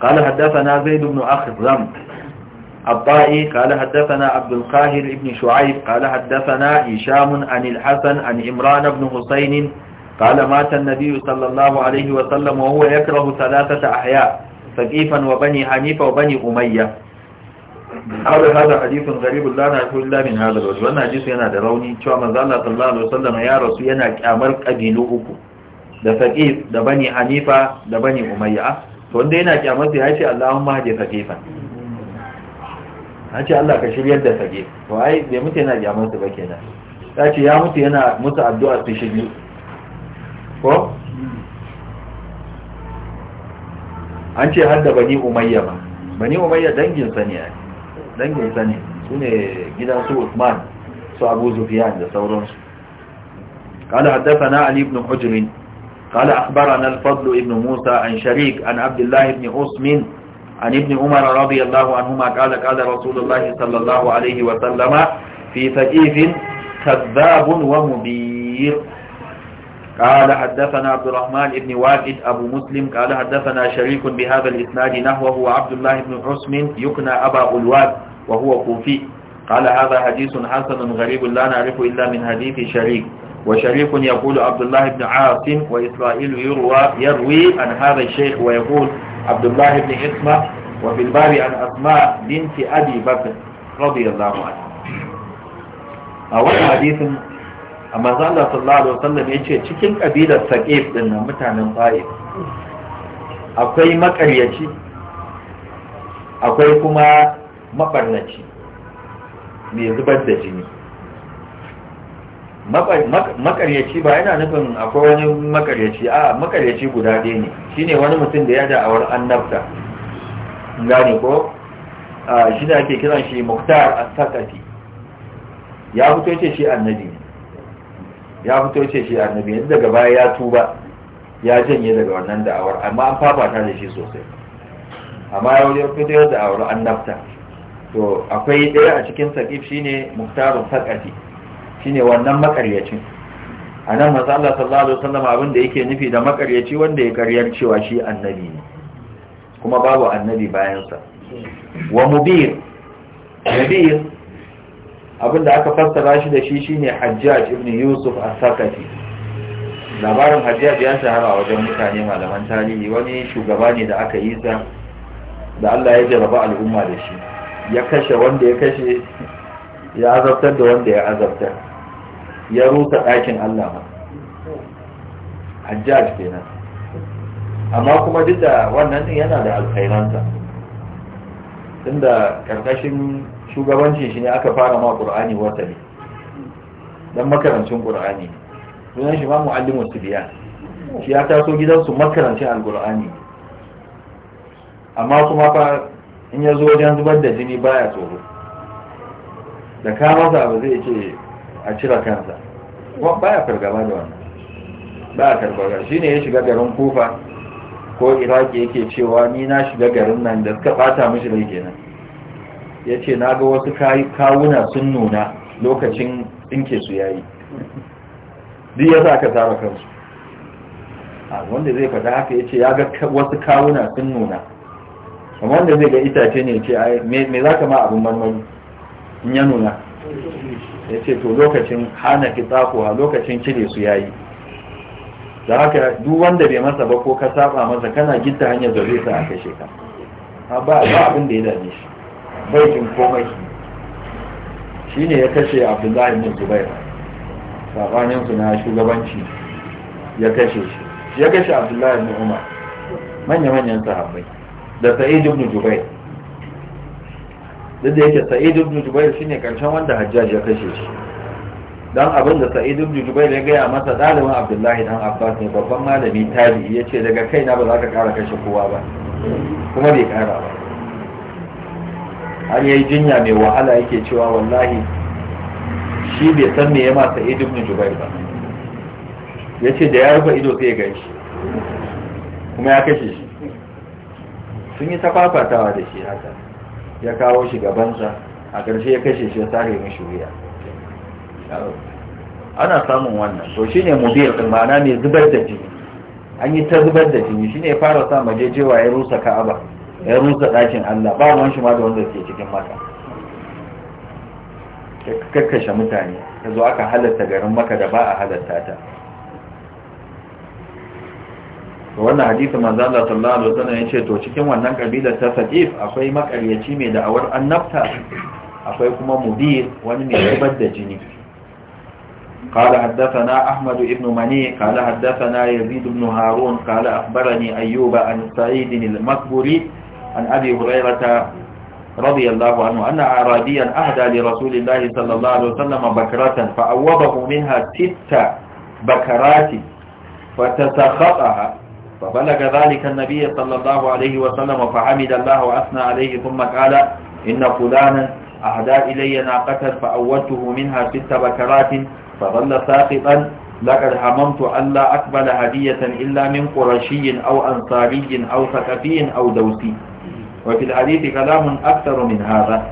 kala haddasa na zai dubnu a hizam abba’i kala haddasa na abdulkahir ibnu shu'aib kala haddasa na ishamun an ilhassan an imran ibn husainin kala matan nabi sallallahu alaihi wasallam wa huwa ya karahu talatata ahya saƙifan wa bani hanifa wa bani umayya aure hada hadithun garibun lana ya kuri lamin hada rasu wannan hadisi yana da rauni cewa manzala sallallahu alaihi wasallam ya rasu yana kyamar kabilu uku da faqih da bani hanifa da bani umayya to wanda yana kyamar sai ya ce allahumma hadi faqifan an ce allah ka shiryar da faqih to ai bai mutu yana kyamar su ba kenan ya ce ya mutu yana mutu addu'a su shiryu ko an ce har da bani umayya ma bani umayya danginsa ne ai dangin sani su ne su usman su abu zufiyan da sauransu قال حدثنا علي بن حجر قال أخبرنا الفضل بن موسى عن شريك عن عبد الله بن أسم عن ابن عمر رضي الله عنهما قال قال رسول الله صلى الله عليه وسلم في ثقيف كذاب ومبير قال حدثنا عبد الرحمن بن واجد أبو مسلم قال حدثنا شريك بهذا الإسناد نحوه عبد الله بن عثم يكنى أبا الواد وهو كوفي قال هذا حديث حسن غريب لا نعرف إلا من حديث شريك وشريك يقول عبد الله بن عاصم وإسرائيل يروى يروي عن هذا الشيخ ويقول عبد الله بن إسمة وفي الباب عن أسماء بنت أبي بكر رضي الله عنه أول حديث amma zalla sallallahu alaihi wasallam ya ce cikin kabilar saqif din nan mutanen ta'if akwai maƙaryaci, akwai kuma mabarnaci mai zubar da jini Maƙaryaci ba yana nufin akwai wani maƙaryaci. a maƙaryaci guda ɗaya ne shine wani mutum da ya da awar annabta gane ko shi da ake kiran shi muktar as-sakati ya fito ce shi annabi ne ya fito ce shi annabi yanzu daga baya ya tuba ya janye daga wannan da'awar amma an fafata da shi sosai amma ya wuri fito da an annabta to akwai ɗaya a cikin saƙif ne muktarun shi ne wannan makaryacin a nan masu Allah sallallahu Alaihi wasallam abinda yake nufi da makaryaci wanda ya karyar cewa shi annabi ne kuma babu annabi bayansa wa mubir mubir abinda aka fassara shi da shi shine hajjaj ibn yusuf al sakati labarin hajjaj ya shahara a wajen mutane malaman tarihi wani shugaba ne da aka yi sa da Allah ya jaraba al'umma da shi ya kashe wanda ya kashe ya azabtar da wanda ya azabtar ya rusa ɗakin Allah ma hajjaj kenan amma kuma duk da wannan din yana da alkhairansa tunda karkashin shugabancin shi ne aka fara ma qur'ani watali dan makarancin qur'ani sunan shi ma muallimu sibiya shi ya taso gidansu makarancin alqur'ani amma kuma fa in ya zo wajen zubar da jini baya tsoro da kama masa abu zai ce a cire kansa baya fargaba da wannan ba ya karbar shi ne ya shiga garin kufa ko iraki yake cewa ni na shiga garin nan da suka fata mishi rai kenan ya ce na ga wasu kawuna sun nuna lokacin dinke su yayi duk ya sa ka tara kansu wanda zai faɗa haka ya ce ya ga wasu kawuna sun nuna wanda zai ga itace ne ce me za ka ma abin marmari in ya nuna ya ce to lokacin hana ki tsakowa lokacin cire su yayi da haka duk wanda bai masa ba ko ka saba masa kana gidda hanyar da zai sa a kashe ka ba abin da ya dame shi bai komai komai ne ya kashe abdullahi bin zubair sabaninsu na shugabanci ya kashe shi ya kashe abdullahi bin umar manya-manyan sahabbai da sa'id ibn jubair duk da yake sa'id ibn shi shine karshen wanda hajjaj ya kashe shi dan abin da sa'id ibn jubair ya gaya masa dalibin abdullahi dan abbas ne babban malami tabi'i yace daga kaina ba za ka kara kashe kowa ba kuma bai kara ba har yayi jinya mai wahala yake cewa wallahi shi bai san me ya masa Sa'id ibn Jubair ba yace da ya rufe ido sai ya ganshi kuma ya kashe shi sun yi tafafatawa da shi haka ya kawo shi gabansa a ƙarshe ya kashe shi ya sare mishi wuya ana samun wannan to shine mubir din ma'ana mai zubar da jini an yi ta zubar da jini shine fara sa majejewa ya rusa ka'aba ya rusa ɗakin Allah ba ruwan shi ma da wanda ke cikin maka ka kakkashe mutane ka zo aka halatta garin maka da ba a halatta ta wannan hadisi manzo Allah sallallahu alaihi wasallam yace to cikin wannan kabilar ta sadif akwai makaryaci mai da'awar annabta akwai kuma mudir wani mai zubar da jini قال حدثنا أحمد بن مني قال حدثنا يزيد بن هارون قال أخبرني أيوب عن سعيد المكبري عن أبي هريرة رضي الله عنه أن أعرابيا أهدى لرسول الله صلى الله عليه وسلم بكرة فأوضه منها ست بكرات فتسخطها فبلغ ذلك النبي صلى الله عليه وسلم فحمد الله وأثنى عليه ثم قال إن فلانا أهدى إلي ناقة فأودته منها ست بكرات فظل ساقطا لقد هممت أن لا أقبل هدية إلا من قرشي أو أنصاري أو ثقفي أو دوسي وفي الحديث كلام أكثر من هذا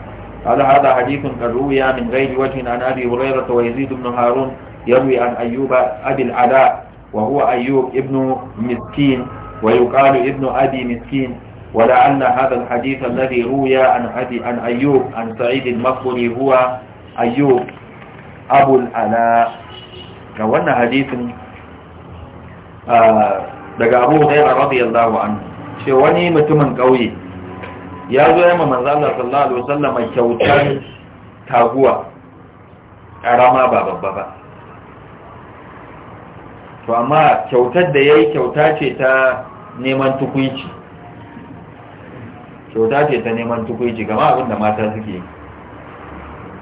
قال هذا حديث قد روي من غير وجه عن أبي هريرة ويزيد بن هارون يروي عن أيوب أبي العلاء وهو أيوب ابن مسكين ويقال ابن أبي مسكين ولعل هذا الحديث الذي روي عن, أبي عن أيوب عن سعيد المقبري هو أيوب أبو العلاء كون حديث آه daga غير رضي الله عنه شواني متمن قوي ya zo yamma manzo Allah sallallahu alaihi wasallam kyautar taguwa karama ba babba ba to amma kyautar da yayi kyauta ce ta neman tukuici kyauta ce ta neman tukuici gama abinda da mata suke yi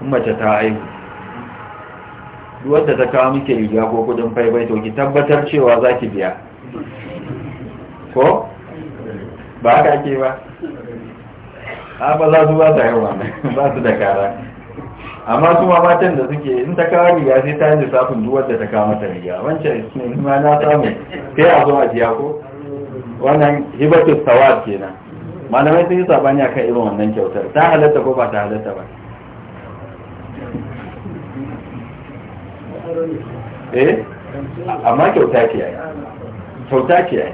mace ta aihu Duwadda ta kawo muke riga ko kudin faifai to ki tabbatar cewa za ki biya ko ba haka ke ba a ba za su ba ta yawa ba su da kara amma su matan da suke in ta kawo riga sai ta yi lissafin duwar da ta kawo mata riga wancan ma na samu sai a zo a jiya ko wannan hibatu tawad kenan malamai sun yi sabani akan irin wannan kyautar ta halatta ko ba ta halatta ba
eh amma kyauta ce ai
kyauta ce ai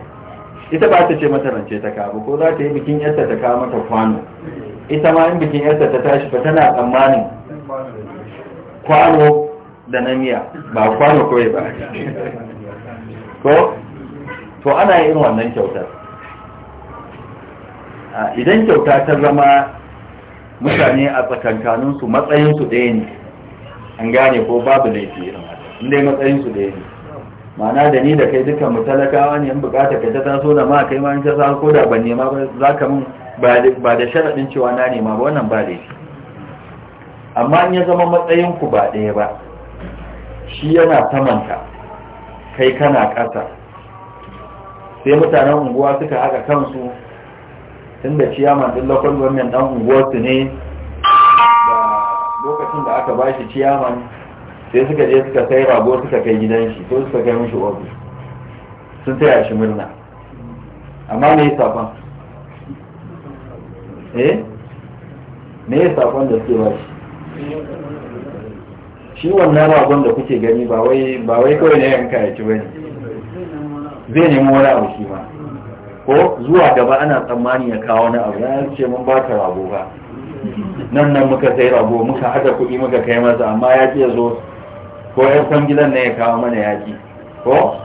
ita ba ta ce mata rance ta kawo ko za ta yi bikin yarta ta kawo mata kwano ita ma in bikin yarta ta tashi ba tana tsammanin kwano da na miya ba kwano kawai ba ko to ana yin wannan kyautar idan kyauta ta zama mutane a tsakankaninsu matsayinsu ɗaya ne an gane ko babu laifi irin haka inda matsayinsu ɗaya ne ma'ana da ni da kai dukkan mu talakawa ne in bukata ka ta taso da ma kai ma in ta sa ko da ban nema ba za ka mun ba da sharaɗin cewa na nema ba wannan ba da amma in ya zama matsayin ku ba ɗaya ba shi yana samanta kai kana ƙasa sai mutanen unguwa suka haka kansu tun da ciyaman ɗin lokal gwamnan ɗan unguwarsu ne da lokacin da aka ba shi ciyaman sai suka je suka sai rago suka kai gidan shi ko suka kai mishi ofis sun taya shi murna amma me fa eh me ya fa da suke ba shi shi wannan ragon da kuke gani ba wai kawai ne yanka ya ci bane zai nemi wani abu shi ma ko zuwa gaba ana tsammani ya kawo wani abu ya ce mun ba ka rago ba nan nan muka sai rago muka haɗa kuɗi muka kai masa amma ya ce zo ko ya kwangilan na ya kawo mana yaƙi ko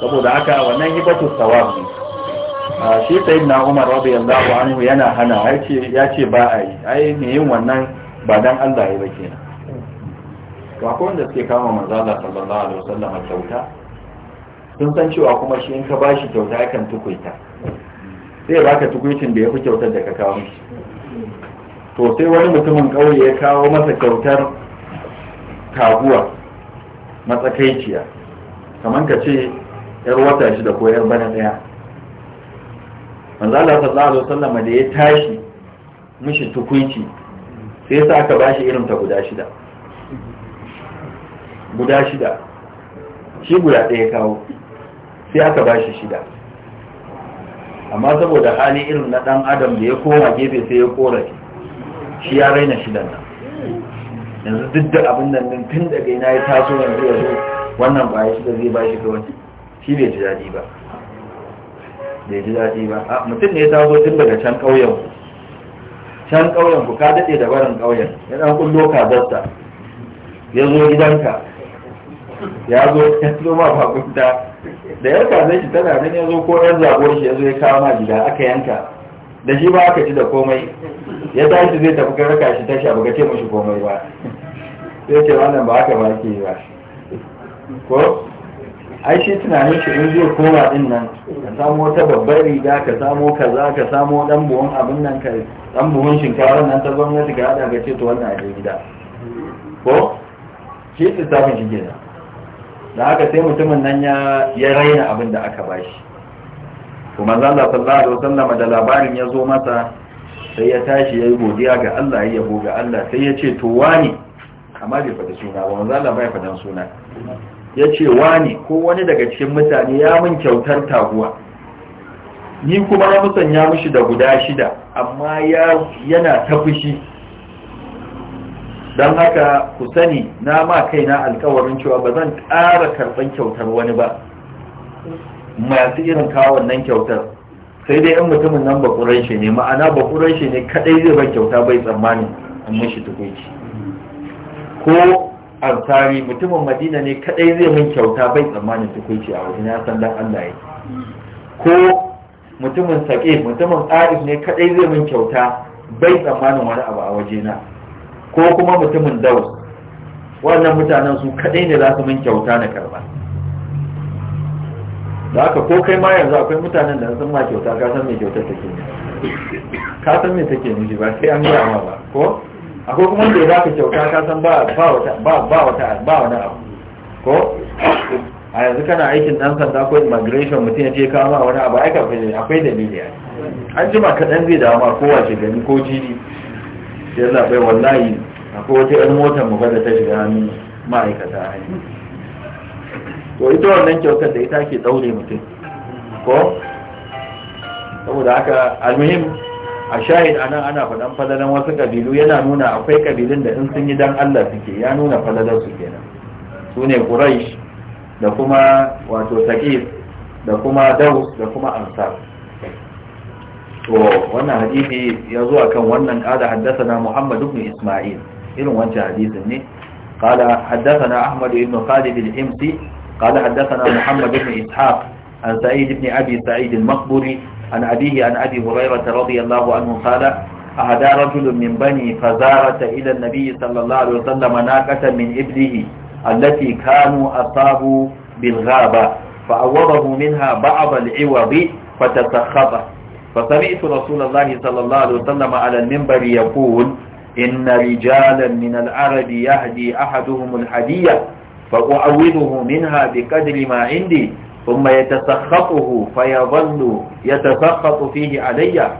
saboda aka wannan hibatu sawab ne shi sai na umar radiyallahu anhu yana hana ya ce ba a yi ai me yin wannan ba dan Allah ya ba kenan to akwai wanda suke kama manzala sallallahu alaihi wasallam kyauta sun san cewa kuma shi in ka bashi kyauta kan tukuita sai baka tukuitin da ya fi kyautar da ka kawo shi to sai wani mutumin kauye ya kawo masa kyautar taguwa matsakaiciya kamar ka ce yar wata shi ko yar bana daya manzo Allah sallallahu alaihi wasallam da ya tashi mishi tukunci sai yasa aka bashi irin ta guda shida guda shida shi guda ɗaya kawo sai aka bashi shida amma saboda hali irin na ɗan adam da ya koma gefe sai ya korafi shi ya raina shidan nan yanzu duk da abin nan din tun daga ina ya taso yanzu ya zo wannan ba shi da zai ba shi kawai shi bai ji daɗi ba bai ji daɗi ba a mutum ne ya taso tun daga can ƙauyen can ƙauyen ku ka daɗe da barin ƙauyen ya ɗan kullo kazarta ya zo gidanka ya zo ya zo ma bakunta da ya zai shi tana nan ya zo ko ɗan zagon shi ya zo ya kawo ma gida aka yanka da shi ba aka ci da komai ya tashi zai tafi kan raka shi tashi abu ga ce mashi komai ba sai ce wannan ba aka ba ke yi ba ko ai shi tunanin shi in zai koma din nan ka samo wata babbar riga ka samo kaza ka samo dan buhun abin nan ka dan buhun shinkawa nan ta gwamnati ka hada ga ce to wannan a gida ko shi lissafin shi gida da haka sai mutumin nan ya raina abin da aka bashi to manzo Allah sallallahu alaihi wasallam da labarin ya zo masa sai ya tashi yayi godiya ga Allah ya yabo ga Allah sai ya ce to wani amma bai faɗi suna ba manzo bai suna ya ce wani ko wani daga cikin mutane ya mun kyautar taguwa ni kuma na musanya mishi da guda shida amma yana ta fushi don haka ku sani na ma kaina alkawarin cewa ba zan ƙara karɓar kyautar wani ba masu irin kawo wannan kyautar sai dai yan mutumin nan bakuran shi ne ma'ana bakuran shi ne kadai zai ban kyauta bai tsammani an mishi tukunci ko ansari mutumin madina ne kadai zai min kyauta bai tsammanin tukunci a wajen ya san dan Allah yake ko mutumin sake mutumin arif ne kadai zai min kyauta bai tsammanin wani abu a wajena ko kuma mutumin daus wannan mutanen su kadai ne za su min kyauta na karba da ka ko kai ma yanzu akwai mutanen da sun ma kyauta ka san me kyauta take ka san me take ne ba sai an yi ma ba ko akwai kuma da za ka kyauta ka san ba wata ba wani abu ko a yanzu kana aikin dan sanda ko immigration mutum ya ce kawo ma wani abu aika akwai dalili a an jima kaɗan zai ma ko wace gani ko jini sai zaɓai wallahi akwai wata 'yan motar mu ba da ta shiga hannun ma'aikata hanyar to ita wannan kyautar da ita ke daure mutum ko saboda haka almuhim a shahid anan ana faɗan falalan wasu kabilu yana nuna akwai kabilun da in sun yi dan Allah suke ya nuna falalar su kenan su ne quraish da kuma wato taqif da kuma daus da kuma ansar to wannan hadisi ya zo akan wannan kada haddathana Muhammad ibn Isma'il irin wancan hadisin ne قال حدثنا أحمد بن خالد الحمصي قال حدثنا محمد بن إسحاق عن سعيد بن أبي سعيد المقبري عن أبيه عن أبي هريرة رضي الله عنه قال أهدى رجل من بني فزارة إلى النبي صلى الله عليه وسلم ناقة من إبله التي كانوا أصابوا بالغابة فأوضه منها بعض العوض فتسخطه فسمعت رسول الله صلى الله عليه وسلم على المنبر يقول إن رجالا من العرب يهدي أحدهم الحدية فأعوضه منها بقدر ما عندي ثم يتسخطه فيظل يتسخط فيه علي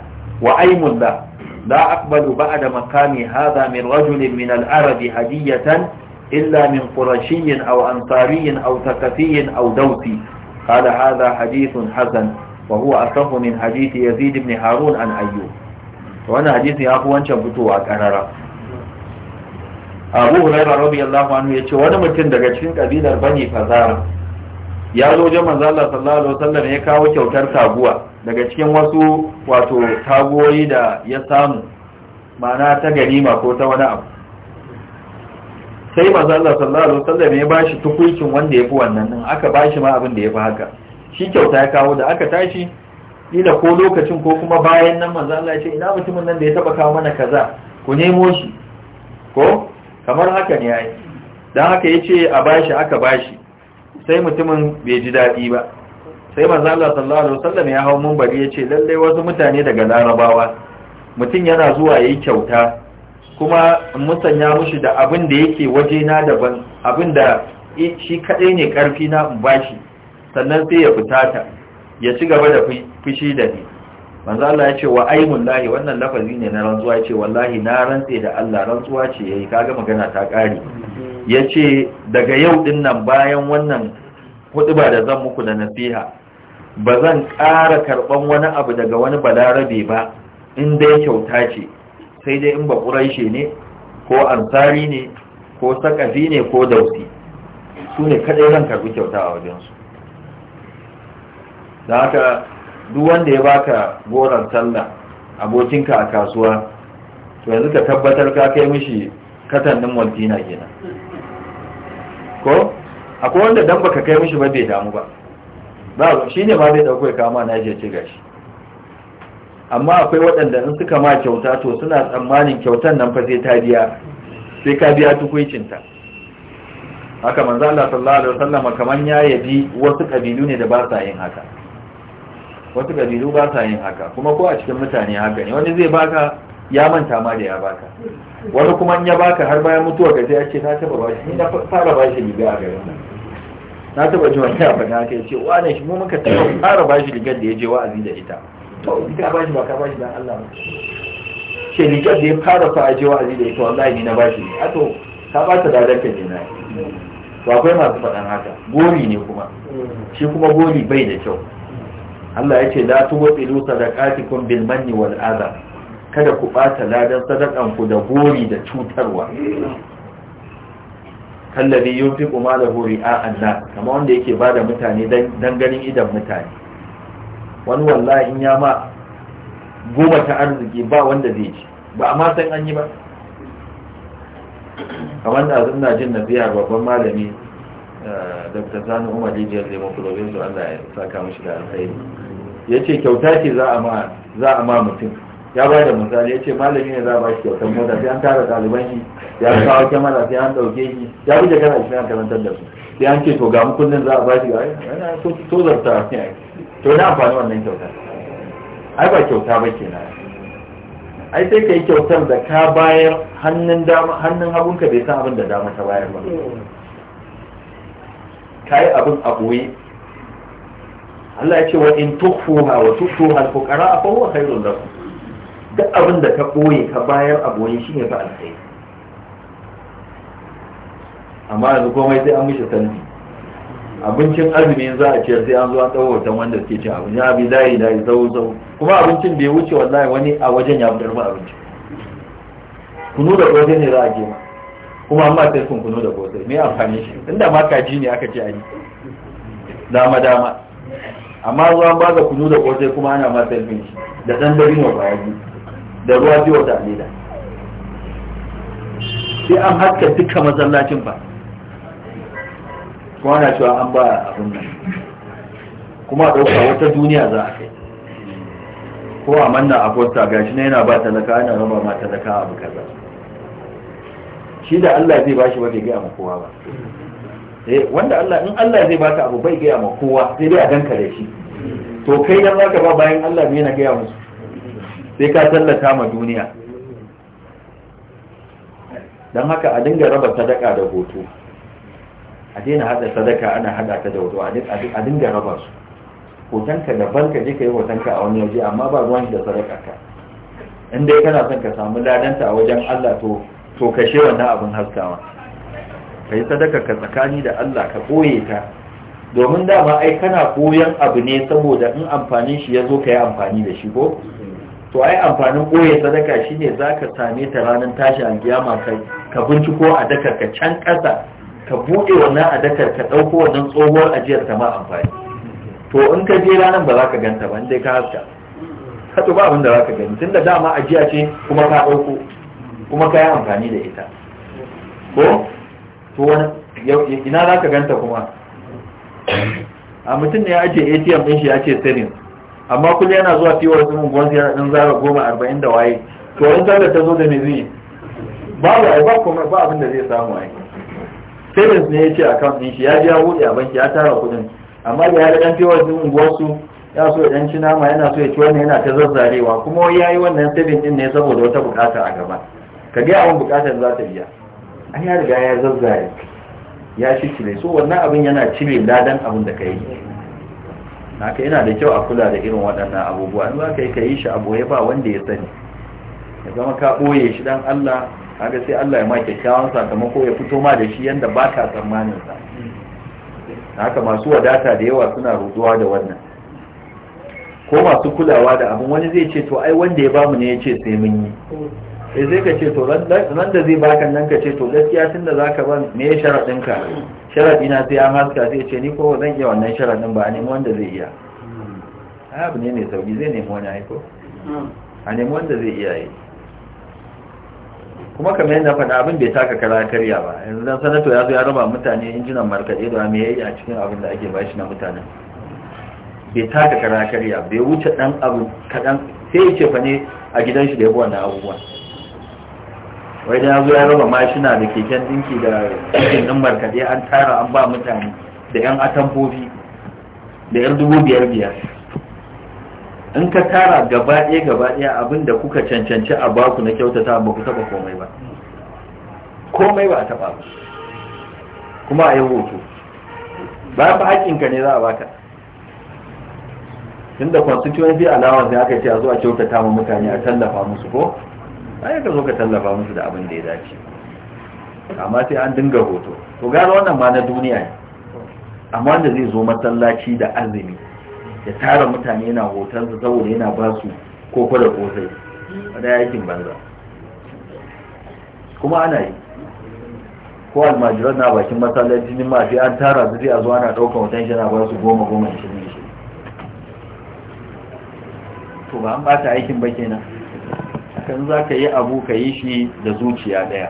وأيم له لا أقبل بعد مقامي هذا من رجل من العرب هدية إلا من قرشي أو أنصاري أو ثقفي أو دوسي قال هذا حديث حسن وهو أصف من حديث يزيد بن هارون عن أيوب وأنا حديث يا أخوان شبتوا أكرر abu hurairah radiyallahu anhu yace wani mutum daga cikin kabilar bani fazar ya zo wajen manzo Allah sallallahu alaihi wasallam ya kawo kyautar taguwa daga cikin wasu wato taguwoyi da ya samu ma'ana ta ganima ko ta wani abu sai manzo Allah sallallahu alaihi wasallam ya bashi tukuncin wanda yafi wannan din aka bashi ma abin da yafi haka shi kyauta ya kawo da aka tashi ila ko lokacin ko kuma bayan nan manzo Allah ya ce ina mutumin nan da ya taba kawo mana kaza ku nemo shi ko kamar haka ne ai dan haka yace a bashi aka bashi sai mutumin bai ji dadi ba sai manzo Allah sallallahu alaihi wasallam ya hawo munbari yace lalle wasu mutane daga larabawa mutum yana zuwa yayi kyauta kuma in musanya mushi da abin da yake waje na daban abin da shi kadai ne karfi na in bashi sannan sai ya fitata ya ci gaba da fushi da ni manzo Allah ya ce wa aimun lahi wannan lafazi ne na rantsuwa ya ce wallahi na rantse da Allah rantsuwa ce yayi kaga magana ta kare ya ce daga yau din nan bayan wannan huduba da zan muku da nasiha ba zan ƙara karɓar wani abu daga wani balarabe ba in dai kyauta ce sai dai in ba ƙuraishe ne ko ansari ne ko sakafi ne ko dausi su ne kaɗai zan karɓi kyauta a wajensu da haka duk wanda ya baka goron sallah abokinka a kasuwa to yanzu ka tabbatar ka kai mishi katannin waltina kenan ko akwai wanda dan baka kai mishi ba bai damu ba ba shi ne ma bai dauko ya kama na ce gashi amma akwai waɗanda in suka ma kyauta to suna tsammanin kyautan nan fa sai ta biya sai ka biya tukuicinta haka manzo Allah sallallahu alaihi wasallam kaman ya yabi wasu kabilu ne da ba sa yin haka wata kabilu ba sa yin haka kuma ko a cikin mutane haka ne wani zai baka ya manta ma da ya baka wani kuma in ya baka har bayan mutuwa ka sai ce na taba ba shi na fara ba shi riga a garin na taba ji wani abu na ka ce wane shi mu muka taba fara ba shi rigar da ya je wa'azi da ita to ni ka ba shi ba ka ba shi dan Allah ba ce rigar da ya fara fa je wa'azi da ita wallahi ni na ba shi a to ka ba ta dadar ka ne na to akwai masu faɗan haka gori ne kuma shi kuma gori bai da kyau Allah ya ce la tuwqilu sadaqatikum bil manni wal adha kada ku bata ladan sadakan ku da gori da cutarwa kallabi yunfiqu malahu ri'a'an nas kama wanda yake bada mutane dan ganin idan mutane wani wallahi in ya ma goma ta arziki ba wanda zai ci ba amma san an yi ba kamar da na jin biya babban malami dr sani umar Jijiyar zai mafi robin su allah ya saka mashi da alkhairi ya ce kyauta ce za a ma mutum ya ba da misali ya ce malami ne za a ba shi kyautar mota sai an tara ɗaliban shi ya kawo kyamara sai an ɗauke shi ya wuce kana shi an karantar da su sai an ce to ga mukullin za a ba shi ga yana to zarta to na amfani wannan kyauta ai ba kyauta ba ke ai sai ka yi kyautar da ka bayar hannun hagunka bai san abin da dama ta bayar ba kai abin a boye Allah ya ce wa in tukhuha wa tukhuha al-fuqara fa huwa khairun lakum duk abin da ka boye ka bayar a boye shine fa alkhair amma yanzu komai sai an mishi sandi abincin azumi za a ce sai an zo an dawo hoton wanda suke cin abinci ya bi dai dai zau zau kuma abincin bai wuce wallahi wani a wajen ya fitar ba abinci Ku da ko ne za a je ma kuma amma sai kunkuno da kosai me amfani shi inda ma kaji ne aka ce a yi dama dama amma zuwa ba ga kunu da kosai kuma ana ma sai shi da dan ba yaji da ruwa biyo da alida sai an haska duka masallacin ba kuma ana cewa an ba abin nan kuma ɗauka wata duniya za a kai ko a manna a posta gashi na yana ba talaka ana raba ma talaka abu kaza shi da Allah zai bashi ba bai gaya ma kowa ba eh wanda Allah in Allah zai baka abu bai gaya ma kowa sai dai a danka da shi to kai dan zaka ba bayan Allah ne yana gaya musu sai ka tallata ma duniya dan haka a dinga raba sadaka da hoto a daina hada sadaka ana hada ta da hoto a dinga raba su hotonka da ka je ka yi hotonka a wani waje amma ba ruwan da sadaka ka in dai kana son ka samu ladanta a wajen Allah to to kashe wannan abin haskawa ka yi sadaka ka tsakani da Allah ka ɓoye ta domin dama ai kana koyon abu ne saboda in amfanin shi ya zo ka yi amfani da shi ko to ai amfanin ɓoye sadaka shi ne za ka same ta ranar tashi alkiyama kai ka binciko a dakar ka can ƙasa ka buɗe wannan a dakar ka ɗauko wannan tsohuwar ajiyar ta ma amfani to in ka je ranar ba za ka ganta ba in dai ka haska ka to ba abin da za ka gani tun da dama ajiya ce kuma ka ɗauko kuma ka yi amfani da ita ko to wani ina za ka ganta kuma a mutum ne ya ce atm ɗin shi ya ce saving amma kullum yana zuwa fiye wasu mun gwansu ya ɗin zara goma arba'in da waye to wani zara ta zo da me zai babu ai ba kuma ba abin da zai samu ai savings ne ya ce account ɗin shi ya ji ya buɗe a banki ya tara kuɗin amma da ya ga ɗan wasu mun gwansu ya so ya ci nama yana so ya ci wannan yana ta zazzarewa kuma ya yi wannan saving ɗin ne saboda wata buƙata a gaba ka ga yawan bukatar za ta biya an ya riga ya zazzare ya ci cire so wannan abin yana cire ladan abin da ka yi haka yana da kyau a kula da irin waɗannan abubuwa in za ka yi ka yi shi a boye ba wanda ya sani ya zama ka ɓoye shi dan Allah haka sai Allah ya ma kyakkyawan sakamako ya fito ma da shi yadda ba ka tsammanin sa haka masu wadata da yawa suna rutuwa da wannan ko masu kulawa da abin wani zai ce to ai wanda ya bamu ne ya ce sai mun yi sai eh, sai ka ce to ran da zai baka nan ka ce to gaskiya tun da zaka ban me sharadin ka sharadi na sai an haska sai ce ni ko zan iya wannan sharadin ba a nemi wanda zai iya hmm. abu ne mai sauki zai nemi wani aiko hmm. a nemi wanda zai iya yi kuma kamar yadda faɗa abin bai taka kara karya ba yanzu dan sanato ya zo ya raba mutane injinan markaɗe da me yayi a cikin abin da ake bashi na mutanen bai taka kara karya bai wuce dan abu kaɗan sai ya ce fa ne a gidan shi da ya buwa na abubuwan wai da zo ya raba mashina da keken dinki da cikin din markade an tara an ba mutane da yan atamfofi da yan dubu biyar biyar in ka tara gaba ɗaya gaba ɗaya abin da kuka cancanci a baku na kyautata ba ku taɓa komai ba komai ba a taɓa ba kuma a yi hoto ba ba haƙƙinka ne za a baka da constituency allowance ne aka ce a zuwa kyautata ma mutane a tallafa musu ko ai ka zo ka tallafa musu da abin da ya dace amma sai an dinga hoto to gara wannan ma na duniya ne amma wanda zai zo masallaci da azumi ya tara mutane yana hoton su saboda yana ba su koko da kosai wanda yakin banza kuma ana yi ko almajiran na bakin masallaci ne ma sai an tara su sai a zo ana ɗaukar hoton shi ana ba su goma goma ishirin ishirin to ba an ba ta aikin ba kenan kan za ka yi abu ka yi shi da zuciya ɗaya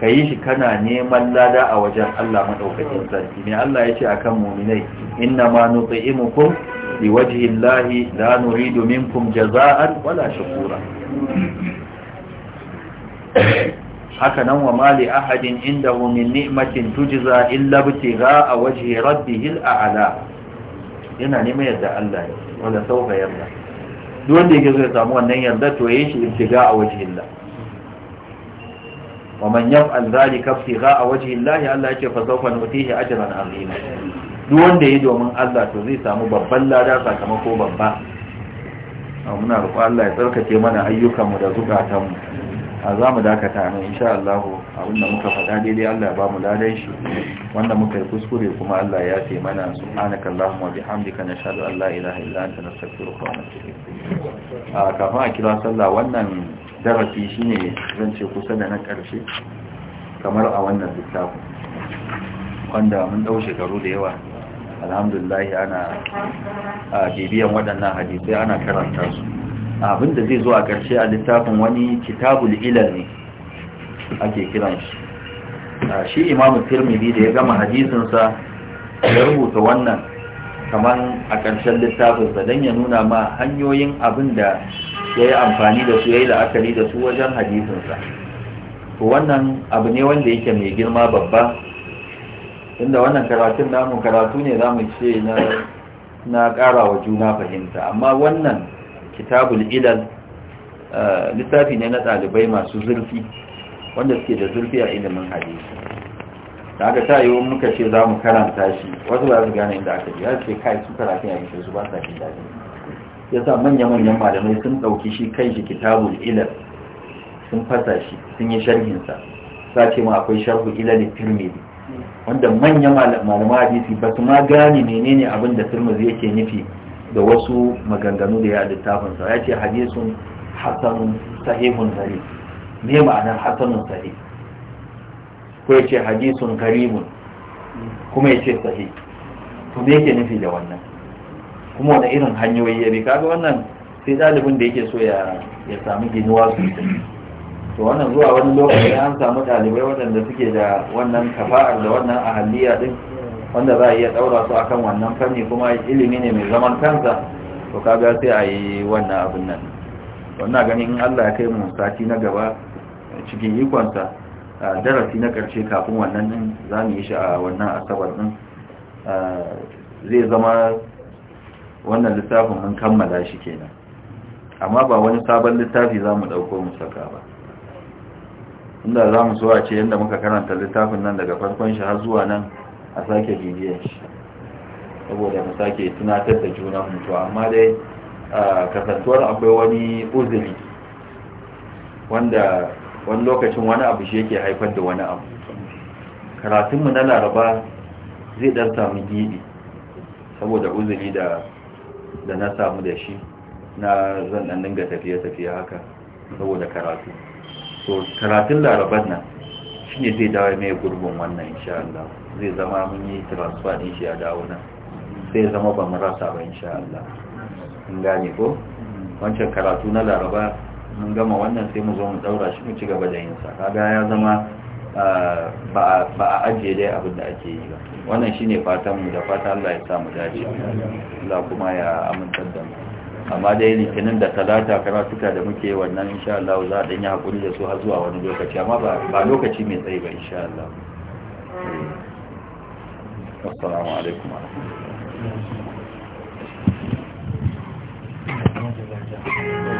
ka yi shi kana neman lada a wajen Allah maɗaukakin sarki ne Allah ya ce a kan muminai inna ma nutsi imukun bi wajihin lahi n'uri domin kum jaza'ar wala shukura haka nan wa mali ahadin inda min ni'matin tujiza, illa btigha a wajhi rabbihil a'la yana neman yadda Allah ne wala sawfa yarda duk wanda yake so ya samu wannan yarda to ya yi shi ibtiga a wajhillah wa man yaf'al dhalika ibtiga a wajhillah Allah yake fa sawfa nutihi ajran azima duk wanda yayi domin Allah to zai samu babban lada sakamako babba muna roƙon Allah ya tsarkake mana ayyukanmu da zukatanmu a zamu dakata ne insha Allah abinda muka faɗa daidai Allah ya ba mu ladan shi wanda muka yi kuskure kuma Allah ya ce mana subhanaka allahumma bihamdika nashhadu an la ilaha illa anta nastaghfiruka wa natubu ilayk kafin a kira sallah wannan darasi shine zan ce kusa da na karshe kamar a wannan littafin wanda mun dau shekaru da yawa alhamdulillah ana bibiyan waɗannan hadisai ana karanta su abinda zai zo a ƙarshe a littafin wani kitabul ilal ne ake kiran a shi imamu tirmidhi da ya gama hadisinsa ya rubuta wannan kamar a ƙarshen littafinsa don ya nuna ma hanyoyin abin da ya yi amfani da su ya yi la'akari da su wajen hadisinsa wannan abu ne wanda yake mai girma babba inda wannan karatun namun karatu ne za mu ce na ƙara wa juna fahimta amma wannan kitabul ilal littafi ne na ɗalibai masu zurfi wanda suke da zurfi a ilimin hadisi da aka sa yiwu muka ce za mu karanta shi wasu ba su gane inda aka biya ce kai su karatun ya su ba sa jin daɗi ya sa manya-manyan malamai sun ɗauki shi kan shi kitabul ilal sun fasa shi sun yi sharhinsa sa ce ma akwai sharhu ilal tirmidhi wanda manyan malaman hadisi ba su ma gane menene abin da tirmidhi yake nufi da wasu maganganu da ya littafinsa ya ce hadisun hasanun sahihun zari ne ma'anar hasanun sahi ko ya ce hadisun karimun kuma ya ce sahi to me yake nufi da wannan kuma wani irin hanyoyi ya bi kaga wannan sai dalibin da yake so ya sami ginuwa sosai to wannan zuwa wani lokaci an samu dalibai waɗanda suke da wannan kafa'ar da wannan ahaliya din, wanda za a iya ɗaura su akan wannan fanni kuma ilimi ne mai zaman kansa to kaga sai a yi wannan abin nan wannan ganin in allah ya kai mu sati na gaba cikin ikonsa darasi na karshe kafin wannan din za mu yi shi a wannan asabar din zai zama wannan littafin mun kammala shi kenan amma ba wani sabon littafi za mu ɗauko mu saka ba inda za mu so a ce yadda muka karanta littafin nan daga farkon shi har zuwa nan a sake bibiyar shi saboda mu sake tunatar da juna mutu amma dai kasantuwar akwai wani uzuri wanda wani lokacin wani abu shi yake haifar da wani abu karatunmu na laraba zai dan samu gidi saboda uzuri da da na samu da shi na zan ɗan dinga tafiye-tafiye haka saboda karatu so karatun laraban nan shi ne zai dawo mai gurbin wannan insha Allah zai zama mun yi transfer din shi a dawo nan sai zama ba mu rasa ba insha Allah in gane ko wancan karatu na laraba mun gama wannan sai mu zo mu daura shi mu ci gaba da yin sa kaga ya zama ah, ba a ajiye dai abin da ake yi ba wannan shine fatan mu da fata Allah ya sa mu dace Allah kuma ya aminta da mu amma dai litinin da talata karatuka da muke wannan insha Allah za a danya hakuri da su har zuwa wani lokaci amma ba lokaci mai tsayi ba insha Allah
eh.
assalamu alaikum
wa